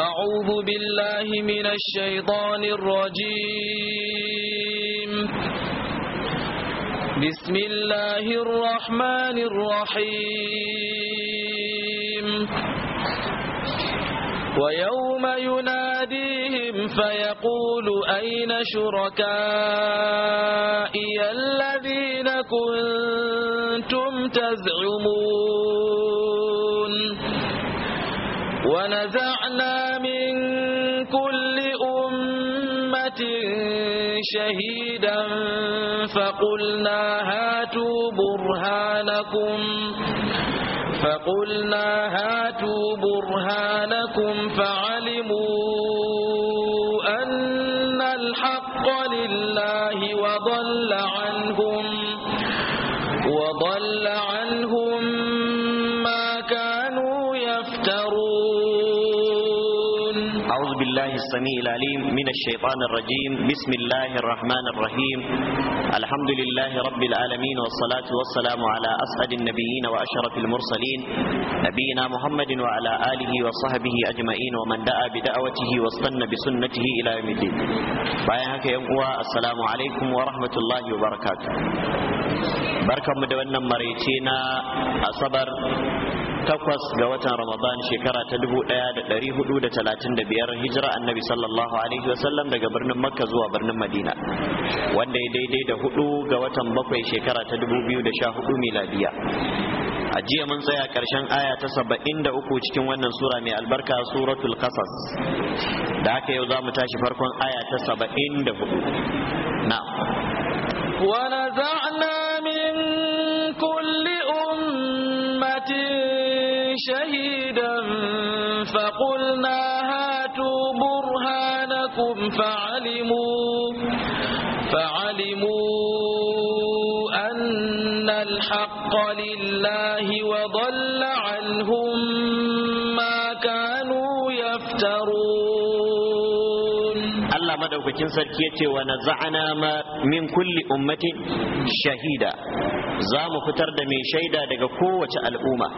أعوذ بالله من الشيطان الرجيم بسم الله الرحمن الرحيم ويوم يناديهم فيقول أين شركائي الذين كنتم تزعمون ونزع شهيدا فقلنا هاتوا برهانكم فقلنا هاتوا برهانكم فعلموا السميع العليم من الشيطان الرجيم بسم الله الرحمن الرحيم الحمد لله رب العالمين والصلاة والسلام على أسعد النبيين وأشرف المرسلين نبينا محمد وعلى آله وصحبه أجمعين ومن دعا بدعوته واستنى بسنته إلى يوم الدين بايعك يا السلام عليكم ورحمة الله وبركاته بركة مدونا مريتينا أصبر takwas ga watan ramadan shekara ta dubu ɗaya da ɗari hudu da talatin da biyar hijira annabi sallallahu alaihi wasallam daga birnin makka zuwa birnin madina wanda ya daidai da hudu ga watan bakwai shekara ta dubu biyu da sha hudu miladiya a jiya mun tsaya karshen aya ta saba'in da uku cikin wannan sura mai albarka suratul qasas da haka yau za mu tashi farkon aya ta saba'in da hudu na الله وضل عنهم ما كانوا يفترون الله مدوكين سركيتي ونزعنا ما من كل أمة شهيدا زام فتر دمي شهيدا دقا قوة الأمة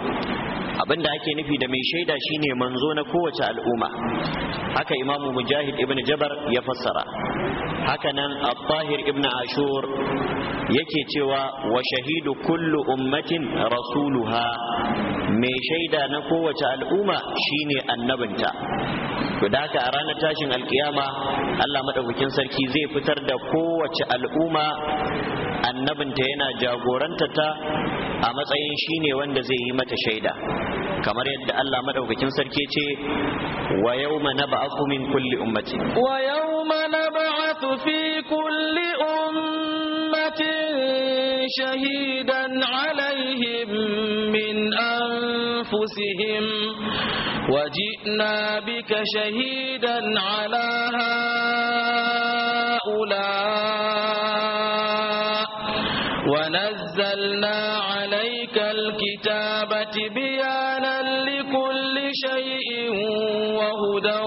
abin da ake nufi da mai shaida shine manzo na kowace al'umma haka imamu mujahid ibn jabar ya fassara hakanan al-tahir ibn ashur yake cewa wa shahidu kullu ummatin rasuluha mai shaida na kowace al'umma shine annabinta to da haka a ranar tashin alkiyama Allah madaukakin sarki zai fitar da kowace al'umma annabinta yana jagoranta ta a matsayin shine wanda zai yi mata shaida kamar yadda Allah madaukakin sarki ce wa yawma nab'athu min kulli ummati wa شهيدا عليهم من أنفسهم وجئنا بك شهيدا على هؤلاء ونزلنا عليك الكتاب بيانا لكل شيء وهدى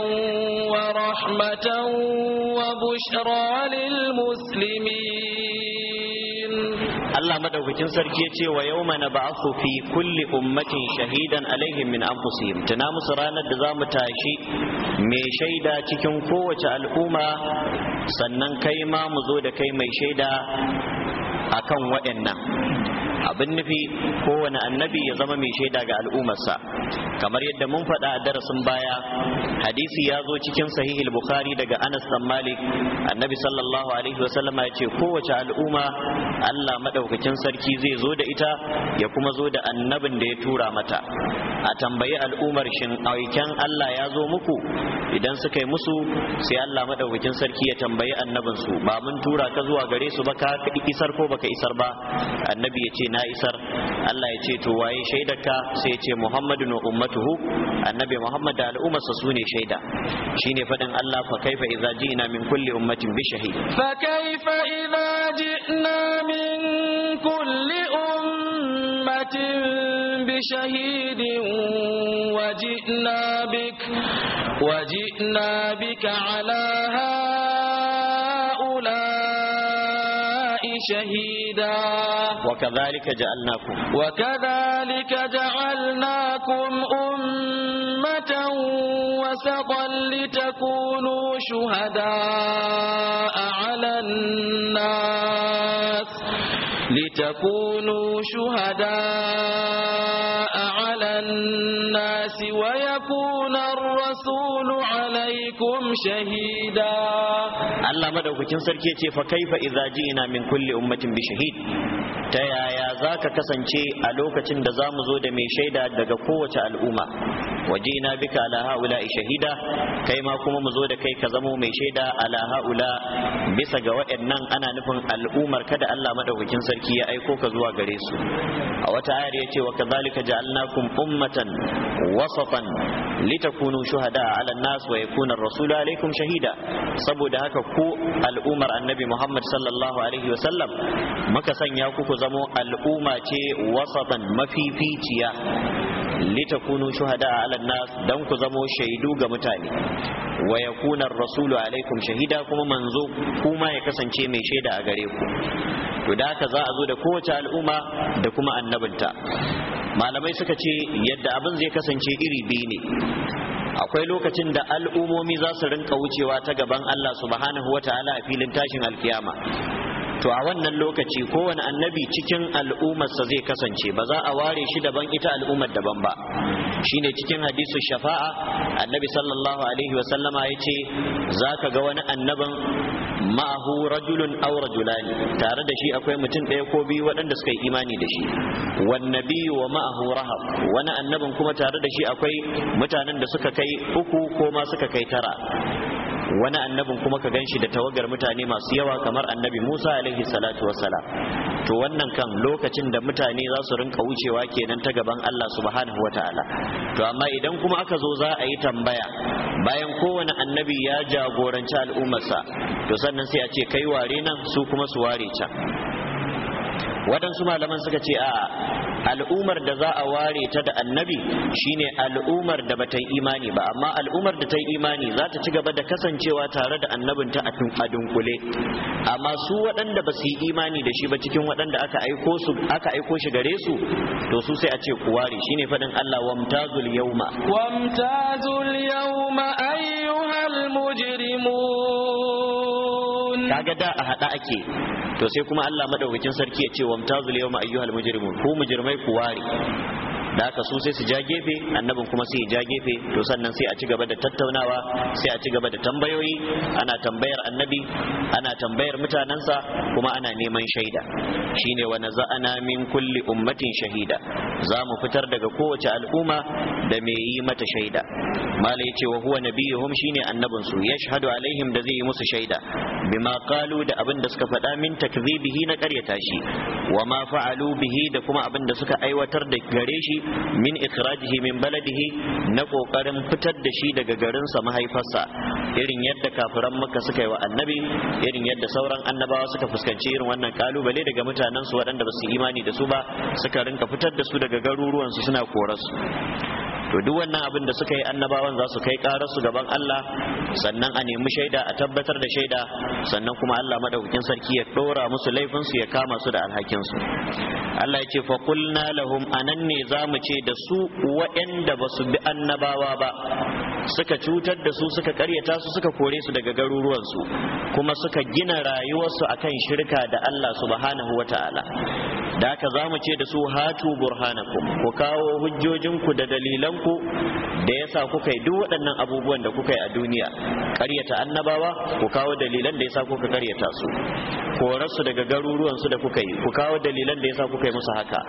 ورحمة وبشرى للمسلمين Allah madaukakin sarki ya ce wa yawma nab'athu fi kulli ummatin shahidan alaihim min anfusihim tana musu ranar da zamu tashi mai shaida cikin kowace al'umma sannan kai ma mu zo da kai mai shaida akan waɗannan abin nufi kowane annabi ya zama mai shaida ga al'ummarsa kamar yadda mun faɗa a darasin baya hadisi ya zo cikin sahih bukhari daga anas dan malik annabi sallallahu alaihi ya ce kowace al'umma allah madaukakin sarki zai zo da ita ya kuma zo da annabin da ya tura mata a tambayi al'ummar shin aiken allah ya zo muku idan suka yi musu sai allah madaukakin sarki ya tambayi annabinsu ba mun tura ka zuwa gare su ba ka isar ko baka isar ba annabi ya ce na na isar Allah ya ce to waye shaidarka sai ya ce Muhammadun wa ummatuhu annabi Muhammad da al'ummarsa su ne shaida shine fadin Allah fa kaifa idza ji'na min kulli ummatin bi shahid fa kaifa idza ji'na min kulli ummatin bi shahidin وجئنا بك وجئنا بك على هؤلاء شهيدا وكذلك جعلناكم وكذلك جعلناكم أمة وسطا لتكونوا شهداء على الناس لتكونوا شهداء على الناس ويكون rasulu alaikum shahida Allah madaukakin sarki ce fa kaifa idza ji'ina min kulli ummatin bi ta yaya zaka kasance a lokacin da zamu zo da mai shaida daga kowace al'umma Waje na وجئنا بك على هؤلاء kuma mu zo da kai ka zamo mai shaida هؤلاء bisa ga waɗannan ana nufin al'umar kada Allah madaukakin sarki ya aiko ka zuwa gare su a wata ayar ya ce wa ka kadhalika ja'alnakum ummatan wasafan litakunu shuhada 'ala an-nas wa yakuna ar-rasulu shahida saboda haka ko al'umar annabi Muhammad sallallahu alaihi wa sallam muka sanya ku zamo al'umma ce wasatan mafificiya litakunu shuhada ala nas dan ku zamo shaidu ga mutane wa yakuna rasulu alaikum shahida kuma manzo kuma ya kasance mai shaida a gare ku to da haka za a zo da kowace al'umma da kuma annabinta malamai suka ce yadda abin zai kasance iri biyu ne akwai lokacin da al'umomi za su rinka wucewa ta gaban Allah subhanahu wa ta'ala a filin tashin alkiyama to a wannan lokaci kowane annabi cikin al'ummarsa zai kasance ba za a ware shi daban ita al'ummar daban ba shine cikin hadisu shafa'a annabi sallallahu alaihi wa sallama za zaka ga wani annabin ma'ahu rajulun aw rajulani tare da shi akwai mutum ɗaya ko biyu waɗanda suka yi imani da shi wan nabiyyu wa ma'ahu rahab wani annabin kuma tare da shi akwai mutanen da suka kai uku ko ma suka kai tara wani annabin kuma ka ganshi da tawagar mutane masu yawa kamar annabi Musa alaihi salatu wassalam to wannan kan lokacin da mutane za su rinka wucewa kenan ta gaban Allah subhanahu wataala to amma idan kuma aka zo za a yi tambaya bayan kowane annabi ya jagoranci al'ummarsa to sannan sai a ce kai ware nan su kuma su ware can waɗansu malaman suka ce a al'umar da za a ware ta da annabi shine al'umar da bata imani ba amma al'umar da ta yi imani za ta ci gaba da kasancewa tare da annabin ta a dunkule amma su waɗanda ba su yi imani da shi ba cikin waɗanda aka aiko su aka aiko shi gare su to su sai a ce ku ware shine faɗin Allah wamtazul yawma wamtazul yawma ayyuhal mujrimun kaga da a hada ake to sai kuma Allah madaukakin sarki ya ce wa mutazul yawma ayyuhal mujrimun ku mujrimai ku ware da haka su sai su ja gefe annabin kuma sai ja gefe to sannan sai a ci gaba da tattaunawa sai a ci gaba da tambayoyi ana tambayar annabi ana tambayar mutanensa kuma ana neman shaida shine wa naza'ana min kulli ummatin shahida za mu fitar daga kowace al'umma da mai yi mata shaida mala yace wa huwa nabiyuhum shine annabin su yashhadu alaihim da zai yi musu shaida bima qalu da abin da suka faɗa min takdhibihi na ƙaryata shi wa ma fa'alu bihi da kuma abin da suka aiwatar da gare shi min ikhrajihi min baladihi na kokarin fitar da shi daga garinsa mahaifarsa irin yadda kafiran maka suka yi wa annabi irin yadda sauran annabawa suka fuskanci irin wannan kalubale daga mutanen su waɗanda ba su imani da su ba suka rinka fitar da su daga garuruwansu suna korasu to duk wannan abin da suka yi annabawan za su kai karar su gaban Allah sannan a nemi shaida a tabbatar da shaida sannan kuma Allah madaukakin sarki ya dora musu laifin su ya kama su da alhakin su Allah ya ce fa qulna lahum anan ne zamu ce da su waɗanda ba su bi annabawa ba suka cutar da su suka karyata su suka kore su daga garuruwan su kuma suka gina rayuwarsu akan shirka da Allah subhanahu wataala da haka zamu ce da su hatu burhanakum ku kawo hujjojinku da dalilan ku da yasa kuka yi duk waɗannan abubuwan da kuka yi a duniya ƙaryata annabawa ku kawo dalilan da yasa kuka ƙaryata su korarsu daga garuruwan su da kuka yi ku kawo dalilan da yasa kuka yi musu haka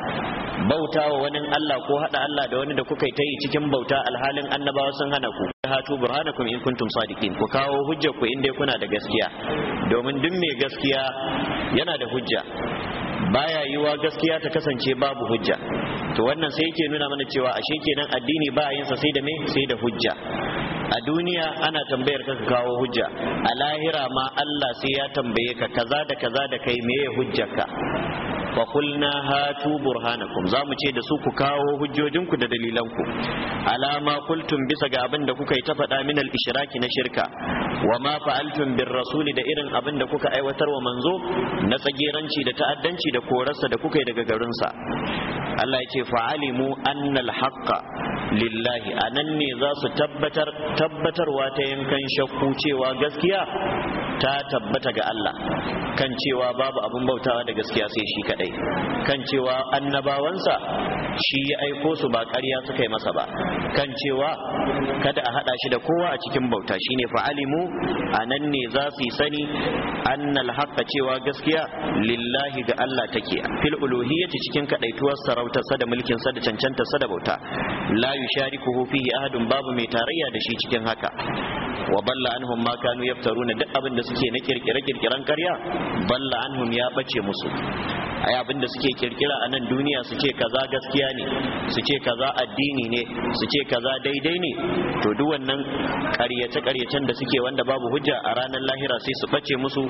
Bauta wa wani Allah ko haɗa Allah da wani da kuka yi ta yi cikin bauta alhalin annabawa sun hana ku hatu burhanakum in kuntum sadiqin ku kawo hujjar ku in kuna da gaskiya domin duk mai gaskiya yana da hujja baya yiwa gaskiya ta kasance babu hujja to wannan sai yake nuna mana cewa ashe kenan addini ba yin sa sai da me sai da hujja a duniya ana tambayar ka kawo hujja a lahira ma Allah sai ya tambaye ka kaza da kaza da kai meye ka. fa hatu burhanakum za mu ce da su ku kawo hujjojinku da dalilanku alama qultum bisa ga abin da kuka yi ta faɗa min al ishraki na shirka wa ma fa'altum bir rasuli da irin abin da kuka aiwatar wa manzo na tsageranci da ta'addanci da korarsa da kuka yi daga garinsa Allah ya fa'alimu annal haqqa lillahi anan ne za su tabbatar tabbatarwa ta yankan shakku cewa gaskiya ta tabbata ga Allah kan cewa babu abin bautawa da gaskiya sai shi kadai kan cewa annabawansa shi ya aiko su ba ƙarya suka yi masa ba kan cewa kada a hada shi da kowa a cikin bauta shine fa'alimu anan ne za su yi sani annal haqqa cewa gaskiya lillahi ga Allah take fil uluhiyyati cikin kadaituwar sarauta sa da mulkin sa da cancanta sa da bauta la yusharikuhu fihi ahadun babu mai tarayya da shi cikin haka wa balla anhum ma kanu yaftaruna duk abin da suke na kirkire-kirkiren karya balla anhum ya bace musu ai abin da suke kirkira a nan duniya suke kaza gaskiya ne suke kaza addini ne suke kaza daidai ne to duk wannan karyace-karyacen da suke wanda babu hujja a ranar lahira sai su bace musu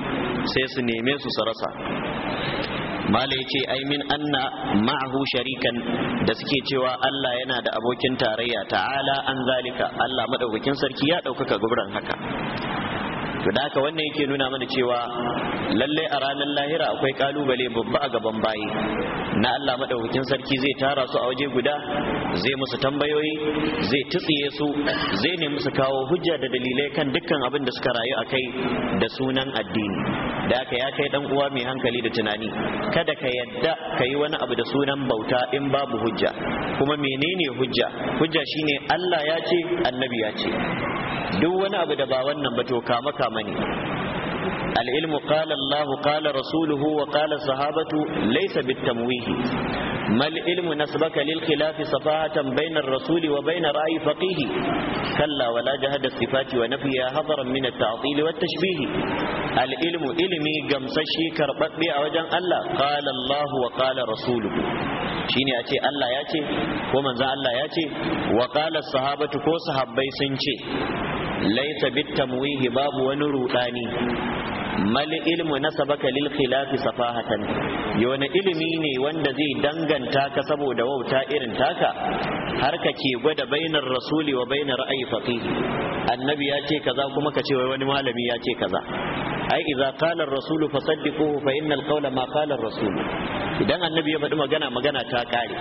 sai su neme su su rasa mala ya ce min anna ma'ahu sharikan da suke cewa Allah yana da abokin tarayya ta'ala an zalika Allah madaukakin sarki ya ɗaukaka gurin haka to da haka wannan yake nuna mana cewa lalle a ranar lahira akwai kalubale babba a gaban bayi na Allah madaukakin sarki zai tara su a waje guda zai musu tambayoyi zai tsiye su zai ne musu kawo hujja da dalilai kan dukkan abin da suka rayu akai da sunan addini da aka ya kai dan uwa mai hankali da tunani kada ka yadda ka yi wani abu da sunan bauta in babu hujja kuma menene hujja hujja shine Allah ya ce annabi ya ce duk wani abu da ba wannan ba to kama kama ne العلم قال rasuluhu, wa رسوله sahabatu الصحابة ليس بالتمويه mal ilmu nasbaka lil khilafi safahatan bainar rasuli wa bainar ra'yi faqihi kalla wala da sifati wa nafiya hadaran min at-ta'til wa tashbih al ilmu ilmi gamsashi karbabbe a wajen Allah qala Allah wa rasuluhu shine a ce Allah ya ce ko manzo Allah ya ce wa sahabatu ko sahabbai sun ce laisa bit tamwihi babu wani ruɗani. mal ilmu nasabaka lil khilafi safahatan yona ilimi ne wanda zai danganta ka saboda wauta irin taka har ka ke gwada bainar rasuli wa bainar ra'ayi faqih annabi ya ce kaza kuma ka ce wai wani malami ya ce kaza ai idza qala ar-rasul fasaddiquhu fa innal qawla ma qala ar-rasul idan annabi ya faɗi magana magana ta kare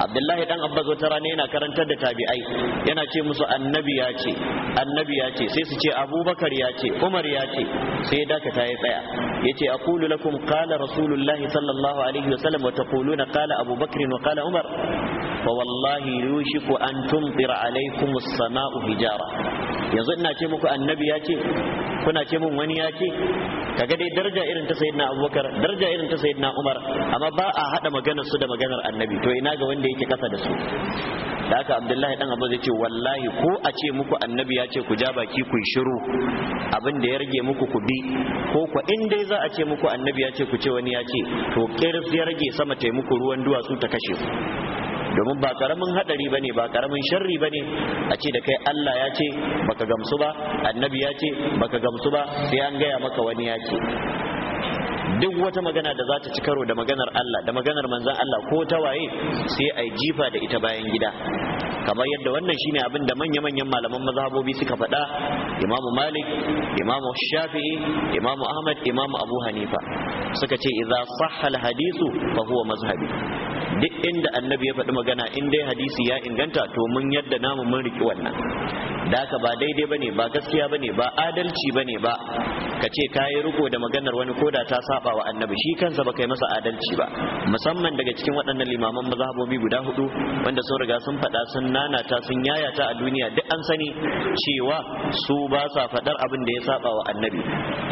abdullahi dan abbas wata rana yana karantar da tabi'ai yana ce musu annabi ya ce annabi ya ce sai su ce abubakar ya ce umar ya ce sai dakata ya tsaya yace aqulu lakum kala rasulullahi sallallahu alaihi wasallam wa taquluna kala abubakar wa kala umar fa wallahi yushiku an tumtira alaikum as-sama'u hijara yanzu ina ce muku annabi ya ce kuna ce mun wani ya ce kaga dai daraja irin ta sayyidina abubakar daraja irin ta sayyidina umar amma ba a hada maganar su da maganar annabi to ina ga wanda yake kasa da su da haka abdullahi dan abu zai ce wallahi ko a ce muku annabi ya ce ku ja baki ku shiru abin da ya rage muku ku bi ko ku in dai za a ce muku annabi ya ce ku ce wani ya ce to kirs ya rage sama taimuku ruwan duwatsu ta kashe ku domin ba karamin hadari bane ba karamin sharri bane a ce da kai Allah ya ce baka gamsu ba annabi ya ce baka gamsu ba sai an gaya maka wani ya ce duk wata magana da za ta ci karo da maganar Allah da maganar manzan Allah ko ta waye sai a jifa da ita bayan gida kamar yadda wannan shine abin da manya-manyan malaman mazhabobi suka faɗa imamu malik imamu shafi'i imamu ahmad Imam abu hanifa suka ce idza sahha al-hadithu fa huwa mazhabi duk inda annabi ya faɗi magana in dai hadisi ya inganta to mun yadda namu mun riki wannan da ba daidai bane ba gaskiya bane ba adalci bane ba ka ce ka yi riko da maganar wani ko da ta saba wa annabi shi kansa ba kai masa adalci ba musamman daga cikin waɗannan limaman mazhabobi guda hudu wanda sun riga sun faɗa sun nanata sun yayata a duniya duk an sani cewa su ba sa faɗar abin da ya saba wa annabi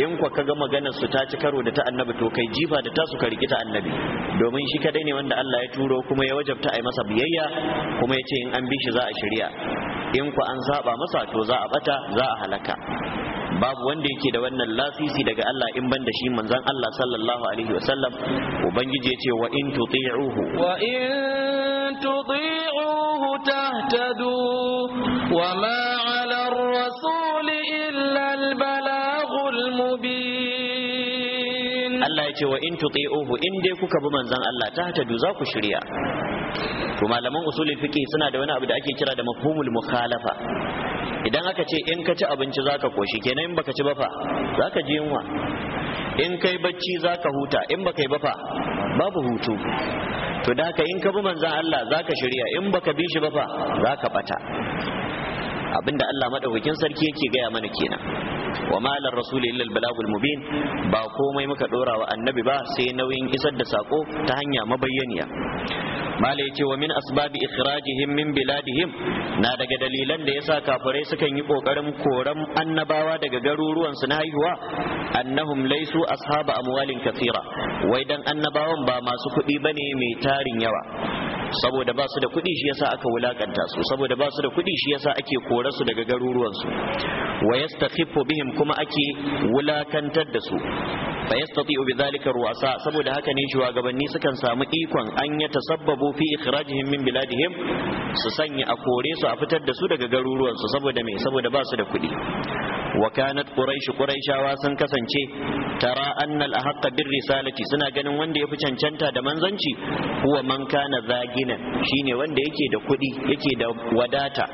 in kwa ga maganar su ta ci karo da ta annabi to kai jifa da tasu ka riki ta annabi domin shi kadai ne wanda Allah ya turo kuma ya wajabta a yi masa biyayya kuma ya ce in an bi shi za a shirya in ku an saba masa to za a bata za a halaka babu wanda yake da wannan lasisi daga Allah in banda shi manzon Allah sallallahu alaihi wasallam ubangiji ya ce wa in tuti'uhu wa in tuti'uhu tahtadu wa ma 'ala ar Allah ya ce wa in tuti'uhu in dai kuka bi manzon Allah ta hatadu za ku shirya to malaman usulul fiqh suna da wani abu da ake kira da mafhumul mukhalafa idan aka ce in ka ci abinci zaka koshi kenan in baka ci ba fa zaka ji yunwa in kai bacci zaka huta in baka yi ba fa babu hutu to da haka in ka bi manzon Allah zaka shirya in baka bi shi ba fa zaka bata abinda Allah madaukakin sarki yake gaya mana kenan wa malar rasul illa albalagul mubin ba komai muka dora wa annabi ba sai nauyin isar da sako ta hanya mabayyaniya mala yace wa min asbabi ikhrajihim min biladihim na daga dalilan da yasa kafirai sukan yi kokarin koran annabawa daga garuruwan su na haihuwa annahum laysu ashaba amwalin kathira wai dan annabawan ba masu kuɗi bane mai tarin yawa saboda ba su da kuɗi shi yasa aka wulakanta su saboda ba su da kuɗi shi yasa ake kore su daga garuruwan su wa yastakhiffu bihim kuma ake wulakantar da su fa yastati'u bidhalika ru'asa saboda haka ne shugabanni sukan samu ikon an ya tasabbabu fi ikhrajihim min biladihim su sanya a kore su a fitar da su daga garuruwan su saboda me saboda ba su da kuɗi wa kanat quraish sun kasance tara annal al bir risalati suna ganin wanda yafi cancanta da manzanci huwa man kana zagina shine wanda yake da kuɗi yake da wadata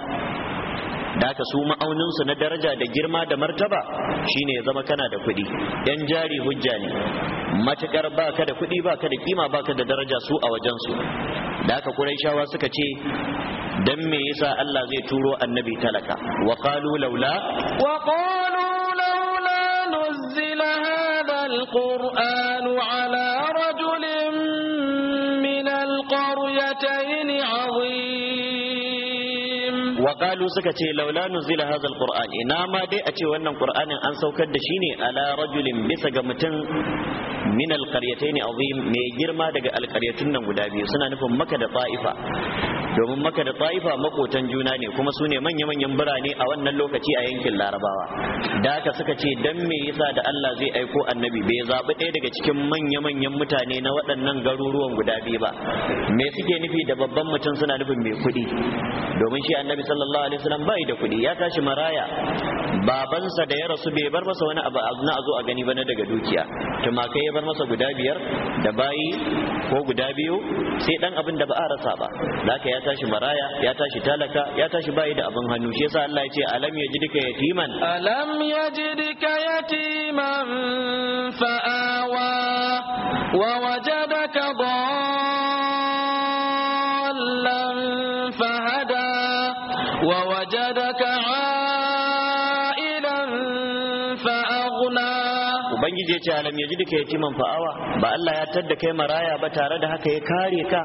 da haka su ma'auninsu na daraja da girma da martaba shine ya zama kana da kuɗi yan jari hujja ne ba baka da kuɗi baka da kima baka da daraja su a wajen su da haka shawa suka ce dan me yasa Allah zai turo annabi talaka wa qalu laula wa qalu laula nuzila hadha alquran ala faƙalu suka ce laula nuzila hazal qur'an ina ma dai a ce wannan qur'anin an saukar da shi ne ala rajulin bisa ga mutum min al qaryatayn azim mai girma daga al qaryatun nan guda biyu suna nufin makka da ta'ifa domin maka da ta'ifa makotan juna ne kuma su ne manya-manyan birane a wannan lokaci a yankin larabawa da aka suka ce dan me yasa da Allah zai aiko annabi bai zaɓi ɗaya daga cikin manya-manyan mutane na waɗannan garuruwan guda biyu ba me suke nufi da babban mutum suna nufin mai kuɗi domin shi annabi sallallahu alaihi wasallam bai da kuɗi ya tashi maraya babansa da ya rasu bai bar masa wani abu na a zo a gani ba na daga dukiya tumakai ya bar masa guda biyar da bayi ko guda biyu sai dan abin da ba a rasa ba da ya tashi maraya ya tashi talaka ya tashi bayi da abin hannu shi yasa Allah ya ce alam yajidika yatiman alam yajidika yatiman fa awa wa wajadaka dhallan ubangiji ya ce alam yajidka yatiman fa'awa ba Allah ya tadda kai maraya ba tare da haka ya kare ka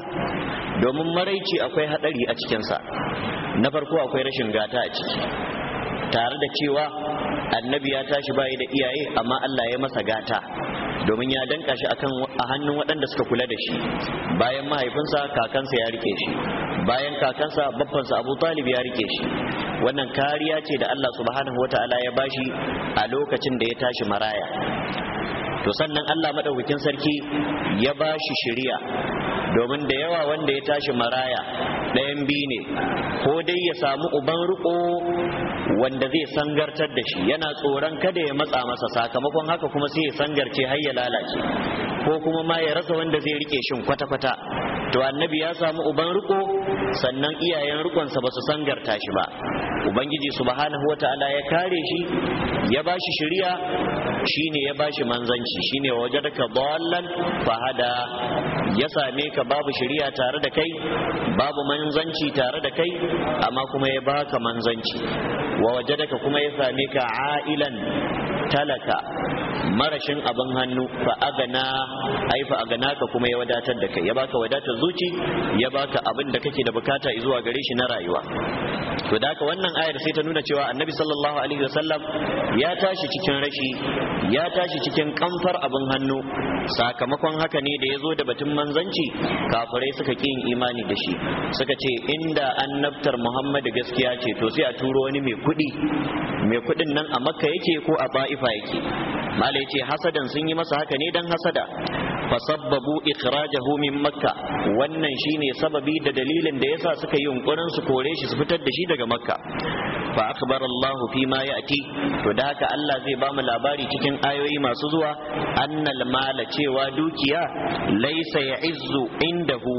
domin maraici akwai hadari a cikinsa na farko akwai rashin gata a ciki tare da cewa annabi ya tashi bayi da iyaye amma Allah ya masa gata domin ya danka shi akan a hannun waɗanda suka kula da shi bayan mahaifinsa kakansa ya rike shi bayan kakansa babbansa Abu Talib ya rike shi wannan kariya ce da Allah subhanahu wataala ya bashi a lokacin da ya tashi maraya to sannan Allah madaukakin sarki ya ba shi shiriya domin da yawa wanda ya tashi maraya ɗayan biyu ne ko dai ya samu uban riko wanda zai sangartar da shi yana tsoron kada ya matsa masa sakamakon haka kuma sai ya sangarce har ya lalace ko kuma ma ya rasa wanda zai rike shin kwata-kwata to annabi ya samu uban riko sannan iyayen rikonsa ba su sangarta shi ba ubangiji subhanahu wata'ala ya kare shi ya ba shi shiriya shine ya ba shi manzanci shine ka dallan fahada ya same ka babu shirya tare da kai babu manzanci tare da kai amma kuma ya baka manzanci wa waje da ka kuma ya same ka a'ilan talaka marashin abin hannu fa agana ai fa agana ka kuma ya wadatar da kai ya baka wadatar zuci ya baka abin da kake da bukata zuwa gare shi na rayuwa to da haka wannan ayar sai ta nuna cewa annabi sallallahu alaihi wasallam ya tashi cikin rashi ya tashi cikin kamfar abin hannu sakamakon haka ne da ya zo da batun manzanci kafirai suka ƙi imani da shi suka ce inda annabtar muhammadu gaskiya ce to sai a turo wani mai kuɗi mai kuɗin nan a makka yake ko a ba'ifa yake malai ce hasadan sun yi masa haka ne don hasada fasabbabu ikhrajahu min makka wannan shine sababi da dalilin da yasa suka yi yunkurin su kore shi su fitar da shi daga makka fa akhbara fi ma ya'ti to da haka Allah zai ba mu labari cikin ayoyi masu zuwa annal mala cewa dukiya laysa ya'izzu indahu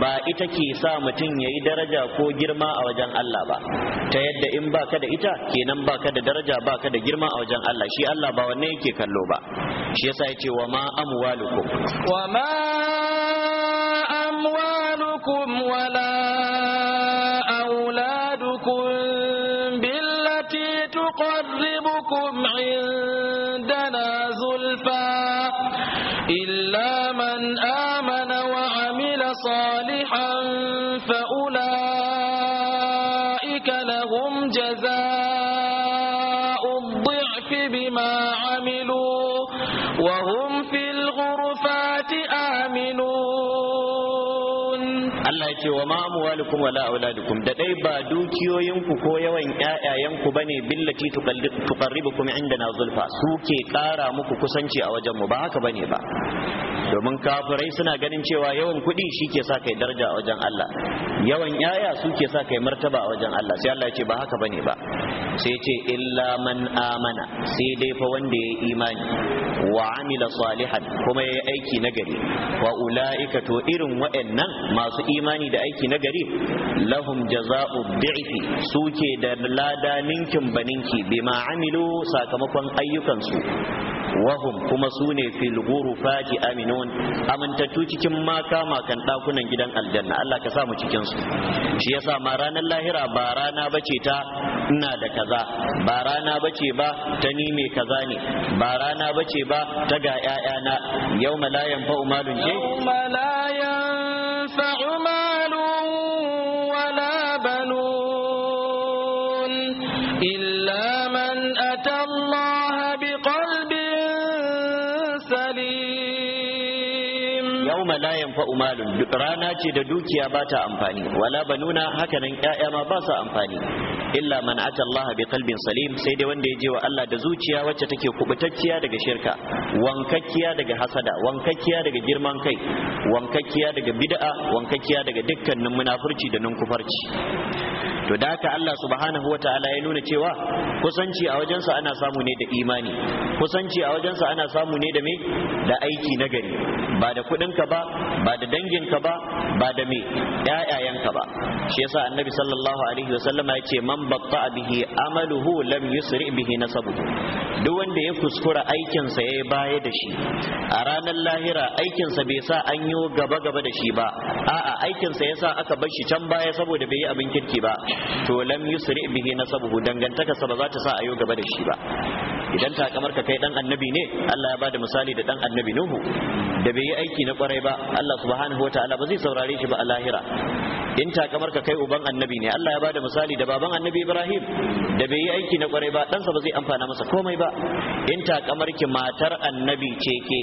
ba ita ke sa mutum ya yi daraja ko girma a wajen Allah ba ta yadda in ba ka da ita kenan ka da daraja ba ka da girma a wajen Allah shi Allah ba wanne yake kallo ba shi yasa ya ce wa ma amwalukum wa ma amwalukum wala auladukum billati tuqarribukum indana zulfa illa man amana صالحا فأ ce wa ma'amuwalikum wala auladukum da dai ba dukiyoyinku ko yawan ƴaƴayenku bane billati tuqarribukum indana zulfa suke ƙara muku kusanci a wajen mu ba haka bane ba domin kafirai suna ganin cewa yawan kuɗi shike sa kai daraja a wajen Allah yawan ƴaƴa suke sa kai martaba a wajen Allah sai Allah ya ce ba haka bane ba sai ce illa man amana sai dai fa wanda ya imani wa amila salihan kuma ya aiki gari wa ula'ika to irin wa'annan masu imani da aiki na gari? lahum jaza'u bi'ifi suke da lada ninkin baninki bima amilu sakamakon ayyukansu wahum kuma sune ne fil ghurufati aminun amintattu cikin maka makan dakunan gidan aljanna Allah ka sa mu cikin su shi yasa ma ranar lahira ba rana bace ta ina da kaza ba rana bace ba ta ni mai kaza ne ba rana bace ba ta ga 'ya'yana. yau يوم لا ينفع مال يوم لا ينفع مال ولا بنون إلا من أتى الله بقلب سليم يوم لا ينفع مال رانا يا باتا أمفاني ولا بنونا هكذا يا ما باسا أمفاني illa man ata Allah bi qalbin salim sai dai wanda ya je wa Allah da zuciya wacce take kubutacciya daga shirka wankakkiya daga hasada wankakkiya daga girman kai wankakkiya daga bid'a wankakkiya daga dukkanin munafurci da ninkufarci to da haka Allah subhanahu wataala ya nuna cewa kusanci a wajensa ana samu ne da imani kusanci a wajensa ana samu ne da me da aiki nagari ba da kuɗinka ba ba da danginka ba ba da me ƴaƴayenka ba shi yasa annabi sallallahu alaihi wasallama ya ce man man batta bihi amaluhu lam yusri bihi nasabu duk wanda ya kuskura aikinsa ya baya da shi a ranar lahira aikinsa bai sa an yi gaba gaba da shi ba a'a aikinsa yasa aka bar shi can baya saboda bai yi abin kirki ba to lam yusri bihi nasabu dangantaka sa ba za ta sa a yi gaba da shi ba idan ta kamar ka kai dan annabi ne Allah ya bada misali da dan annabi Nuhu da bai yi aiki na kwarai ba Allah subhanahu wataala ba zai saurare shi ba a lahira in takamar ka kai uban annabi ne Allah ya bada misali da baban annabi Ibrahim da bai yi aiki na kwarai ba ɗansa ba zai amfana masa komai ba in takamar ki matar annabi ce ke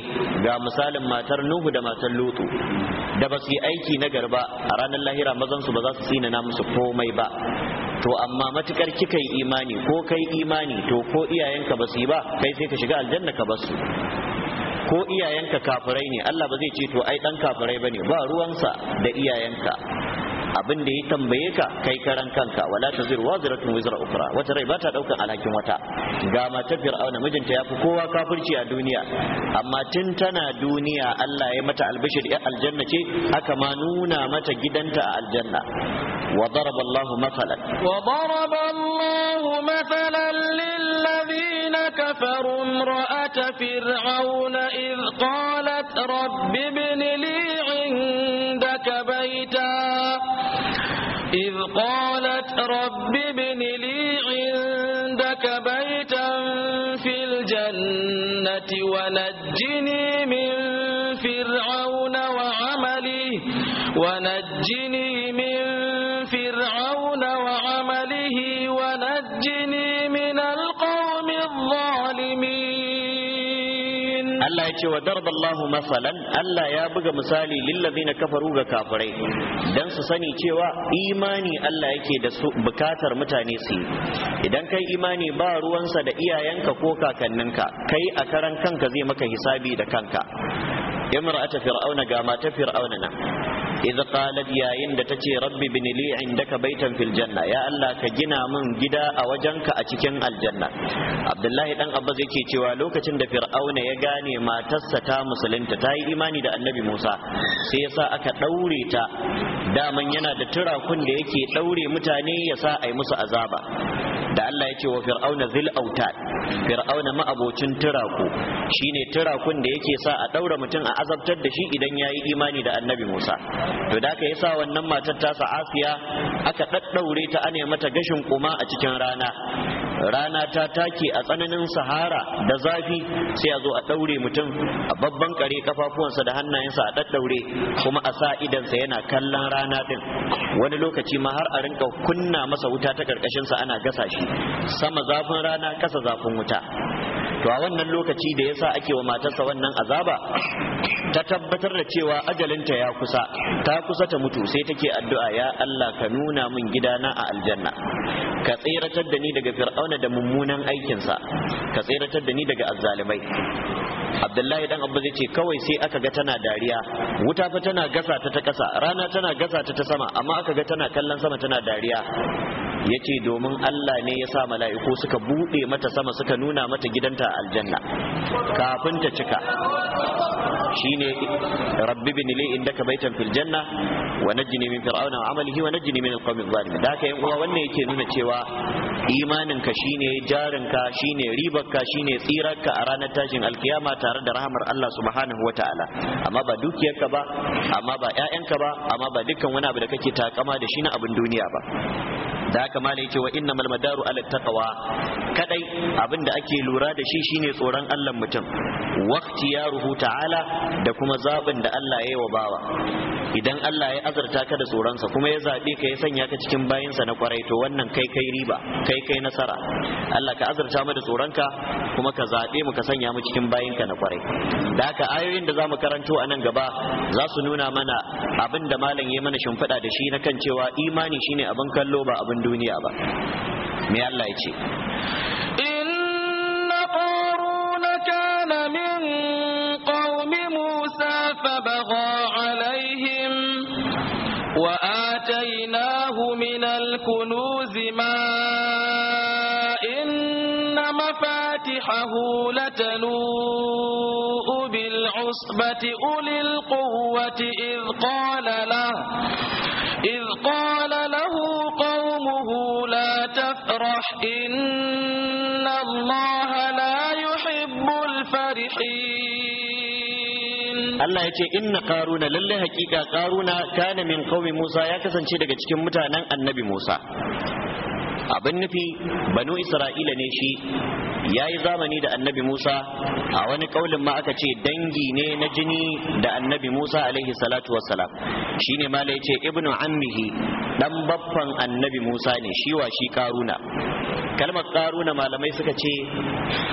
ga misalin matar Nuhu da matar Lutu da ba su yi aiki na garba a ranar lahira mazan su ba za su na musu komai ba to amma matukar kika yi imani ko kai imani to ko iyayenka ba su yi ba kai sai ka shiga aljanna ka basu ko iyayenka kafirai ne Allah ba zai ce to ai dan kafirai bane ba ruwansa da iyayenka abin da ya tambaye ka kai karan kanka wala tazir waziratun wizra ukra wata rai bata daukan alhakin wata ga matar fir'auna mijinta yafi kowa kafirci a duniya amma tun tana duniya Allah ya mata albishir ya aljanna ce aka ma nuna mata gidanta a aljanna wa daraba Allah mathalan wa daraba Allah lil ladina kafaru ra'at fir'auna idh qalat rabbi ibn li إذ قالت رب ابن لي عندك بيتا في الجنة ونجني من فرعون وعمله ونجني من فرعون وعمله ونجني Allah ya ce wa darballahu masalan Allah ya buga misali lillazina kafaru ga kafirai dan su sani cewa imani Allah yake da su bukatar mutane su yi idan kai imani ba ruwansa da iyayenka ko kakanninka kai a karan kanka zai maka hisabi da kanka imra'ata fir'auna ga mata fir'auna nan idh qalat yayin da tace rabbi bin li indaka baitan fil janna ya Allah ka gina min gida a wajenka a cikin aljanna Abdullahi dan Abbas yake cewa lokacin da Fir'auna ya gane matarsa ta musulunta ta yi imani da Annabi Musa sai yasa aka daure ta daman yana da turakun da yake daure mutane yasa ai musu azaba da Allah ya ce wa fir'auna zil autad fir'auna ma'abocin turaku shine turakun da yake sa a daura mutum a azabtar da shi idan yayi imani da annabi Musa to da aka sa wannan matar tasa asiya aka ɗaɗɗaure ta ane mata gashin kuma a cikin rana rana ta take a tsananin sahara da zafi sai a zo a ɗaure mutum a babban kare kafafuwansa da hannayensa a ɗaɗɗaure. kuma a sa idansa yana kallon rana ɗin, wani lokaci ma har a rinka kunna masa wuta ta ƙarƙashinsa ana gasa shi sama zafin rana kasa zafin wuta to a wannan lokaci da yasa ake wa matarsa wannan azaba ta tabbatar da cewa ajalinta ya kusa ta kusa ta mutu sai take addu'a ya Allah ka nuna min gidana a aljanna ka tsiratar da ni daga fir'auna da mummunan aikinsa ka tsiratar da ni daga azzalimai abdullahi dan abba zai ce kawai sai aka ga tana dariya wuta fa tana gasa ta ta kasa rana tana gasa ta ta sama amma aka ga tana kallon sama tana dariya ya ce domin Allah ne ya sa mala'iku suka buɗe mata sama suka nuna mata gidanta a aljanna kafin ta cika shi ne rabbi bin ile inda ka baitan filjanna janna wa na min Fir'aunan amalihi wa najjini min alqawmi zalimin da haka yan uwa wannan yake nuna cewa imanin ka ne jarin ka ne ribar ka ne tsirar ka a ranar tashin alkiyama tare da rahamar Allah subhanahu wa ta'ala amma ba dukiyarka ba amma ba 'ya'yanka ba amma ba dukkan wani abu da kake takama da shi na abin duniya ba da haka mala yake wa inna mal madaru ala taqwa kadai abinda ake lura da shi shine tsoron Allah mutum waqti ya ruhu ta'ala da kuma zabin da Allah ya yi wa bawa idan Allah ya azurta ka da tsoronsa kuma ya zabe ka ya sanya ka cikin sa na kwarai to wannan kai kai riba kai kai nasara Allah ka azurta mu da tsoron ka kuma ka zabe mu ka sanya mu cikin ka na kwarai da haka ayoyin da zamu karanto a nan gaba za su nuna mana abinda malam ya mana shimfiɗa da shi na kan cewa imani shine abin kallo ba abin abin duniya ba me Allah ya ce inna qaruna kana min qaumi musa fa bagha alaihim wa atainahu min al ma جرحه لتنوء بالعصبة أولي القوة إذ قال له إذ قال له قومه لا تفرح إن الله لا يحب الفرحين الله يجي إن قارون لله حقيقة قارون كان من قوم موسى يكسن شيء daga cikin mutanen annabi Musa abin nufi banu isra'ila ne shi ya yi zamani da annabi musa a wani kaulin ma aka ce dangi ne na jini da annabi musa alaihi salatu wassalam shi ne ma ce ibnu ammihi dan baffan annabi musa ne shi wa shi karuna kalmar karuna malamai suka ce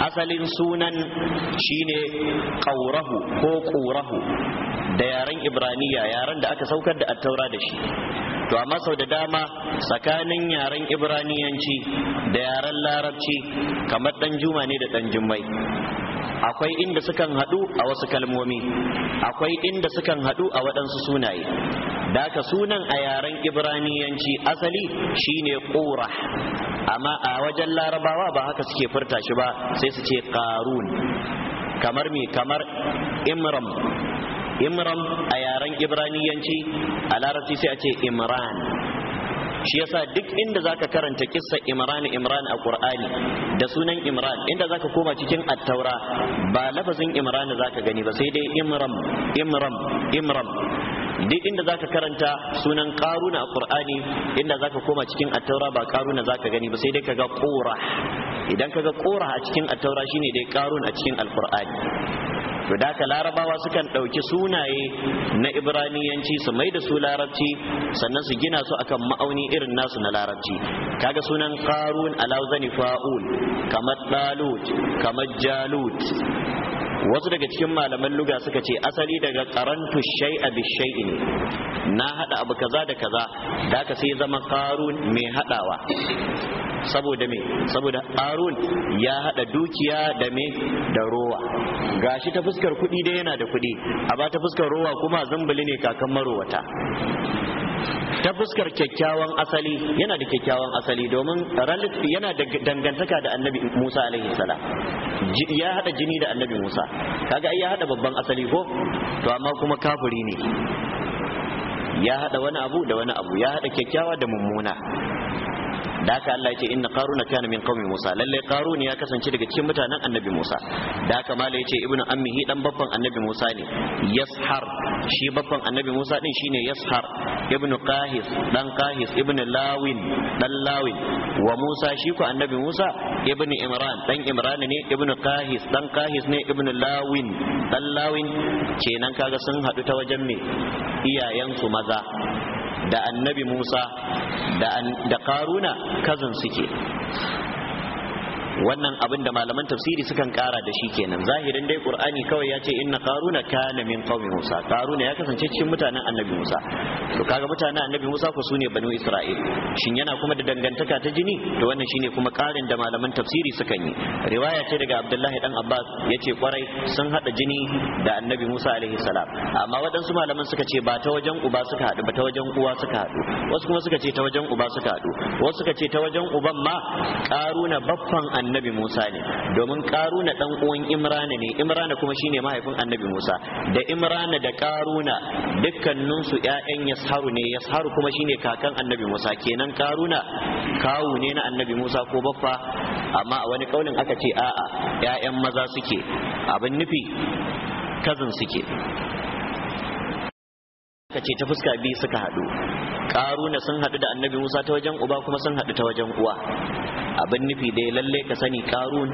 asalin sunan shine ƙaurahu ko ƙurahu da yaren ibraniya yaren da aka saukar da attaura da shi to amma sau da dama tsakanin yaren ibraniyanci da yaren larabci kamar dan juma ne da dan jummai akwai inda sukan haɗu a wasu kalmomi akwai inda sukan haɗu a waɗansu sunaye da aka sunan a yaren ibraniyanci asali shine ƙura amma a wajen larabawa ba haka suke furta shi ba sai su ce ƙarun kamar me kamar imram imram a yaren ibraniyanci a larabci sai a ce imran shi yasa duk inda zaka karanta kissa imran imran a qur'ani da sunan imran inda zaka koma cikin at-taura ba lafazin imran zaka gani ba sai dai imram imram imram duk inda zaka karanta sunan karuna a qur'ani inda zaka koma cikin at-taura ba karuna zaka gani ba sai dai kaga qura idan kaga qura a cikin at-taura shine dai karun a cikin al-qur'ani to larabawa sukan ɗauki sunaye na ibraniyanci su mai da su larabci sannan su gina su akan ma'auni irin nasu na larabci kaga sunan qarun alauzani fa'ul kamar dalut kamar jalut wasu daga cikin malaman luga suka ce asali daga karantu shay'a bi shay'in na hada abu kaza da kaza da ka sai zama qarun mai hadawa saboda me saboda arun ya hada dukiya da me da rowa gashi ta fuskar kudi dai yana da kudi a ba ta fuskar rowa kuma zumbuli ne kakan marowata ta fuskar kyakkyawan asali yana da kyakkyawan asali domin yana da dangantaka da annabi musa alaihi salam ya hada jini da annabi musa kaga ai ya hada babban asali ko to amma kuma kafiri ne ya hada wani abu da wani abu ya hada kyakkyawa da mummuna da haka Allah ya ce inna qaruna kana min qaumi Musa lalle qarun ya kasance daga cikin mutanen annabi Musa da haka mala ya ce ibnu ammihi dan babban annabi Musa ne yashar shi babban annabi Musa din shine yashar ibnu qahis dan qahis ibnu lawin dan lawin wa Musa shi ku annabi Musa ibnu imran dan imran ne ibnu qahis dan qahis ne ibnu lawin dan lawin kenan kaga sun hadu ta wajen me iyayensu maza da annabi musa da karuna kazan suke wannan abin da malaman tafsiri sukan kara da shi kenan zahirin dai qur'ani kawai ya ce inna qaruna kana min qaumi musa qaruna ya kasance cikin mutanen annabi musa to kaga mutanen annabi musa ko sune banu isra'il shin yana kuma da dangantaka ta jini to wannan shine kuma karin da malaman tafsiri sukan yi riwaya ce daga abdullahi dan abbas yace kwarai sun hada jini da annabi musa alaihi salam amma waɗansu malaman suka ce ba ta wajen uba suka haɗu ba ta wajen uwa suka haɗu wasu kuma suka ce ta wajen uba suka haɗu wasu suka ce ta wajen uban ma karuna baffan annabi Musa ne domin karuna dan uwan Imrana ne Imrana kuma shine mahaifin annabi Musa da Imrana da karuna dukkanin su ƴaƴan Yasharu ne Yasharu kuma shine kakan annabi Musa kenan karuna kawu ne na annabi Musa ko baffa amma a wani kaulin aka ce a'a ƴaƴan maza suke abin nufi kazin suke aka ce ta fuska biyu suka haɗu karuna sun haɗu da annabi musa ta wajen uba kuma sun haɗu ta wajen uwa abin nufi dai lalle ka sani karun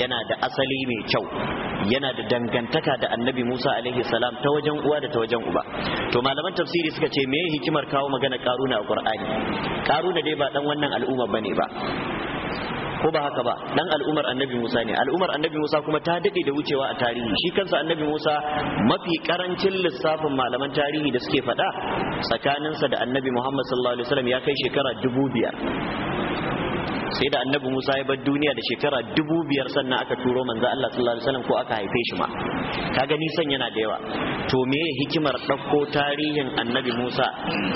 yana da asali mai kyau yana da dangantaka da annabi musa alaihi salam ta wajen uwa da ta wajen uba to malaman tafsiri suka ce me hikimar kawo magana karuna a qur'ani karuna dai ba dan wannan al'umma bane ba ko ba haka ba dan al'umar annabi Musa ne al'umar annabi Musa kuma ta dade da wucewa a tarihi shi kansa annabi Musa mafi karancin lissafin malaman tarihi da suke faɗa tsakaninsa da annabi Muhammad sallallahu alaihi wasallam ya kai shekara dubu biyar sai da annabi Musa ya bar duniya da shekara dubu biyar sannan aka turo manzo Allah sallallahu alaihi wasallam ko aka haife shi ma kaga nisan yana da yawa to me hikimar ɗauko tarihin annabi Musa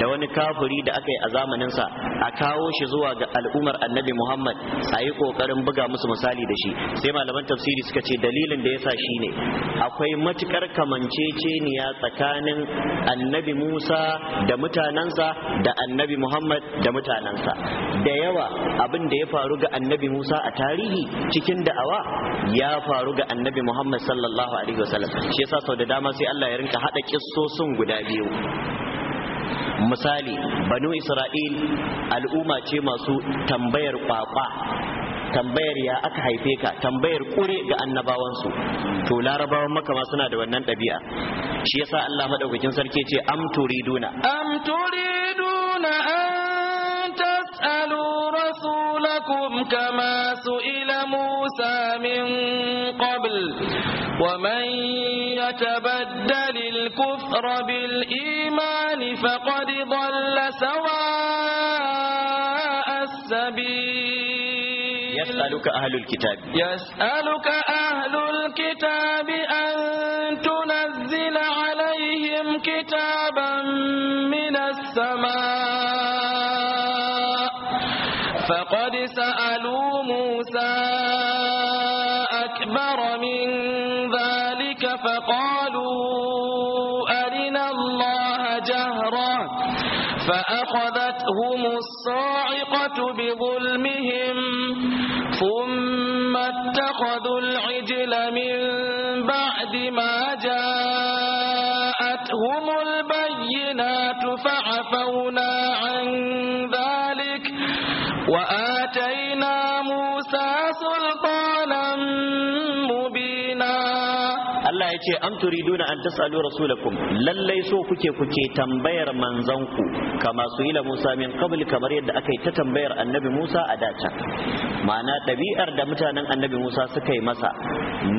da wani kafiri da aka yi a zamanin sa a kawo shi zuwa ga al'umar annabi Muhammad a yi kokarin buga musu misali da shi sai malaman tafsiri suka ce dalilin da yasa ne akwai matukar kamanceceniya tsakanin annabi Musa da mutanensa da annabi Muhammad da mutanensa da yawa abin da ya faru ga annabi Musa a tarihi cikin da'awa ya faru ga annabi Muhammad sallallahu alaihi wasallam shi yasa sau da dama sai Allah ya rinka hada kissosun guda biyu misali banu isra'il al'umma ce masu tambayar kwakwa tambayar ya aka haife ka tambayar kure ga annabawansu to larabawan makama suna da wannan ɗabi'a shi yasa Allah madaukakin sarki ce am turiduna am لكم كما سئل موسى من قبل ومن يتبدل الكفر بالإيمان فقد ضل سواء السبيل يسألك أهل الكتاب يسألك أهل الكتاب عفونا عن ذلك وأن ce an turiduna an ta salu rasulakum lallai so kuke kuke tambayar manzanku kama su ila Musa min qabl kamar yadda aka yi ta tambayar annabi Musa a dace ma'ana ɗabi'ar da mutanen annabi Musa suka yi masa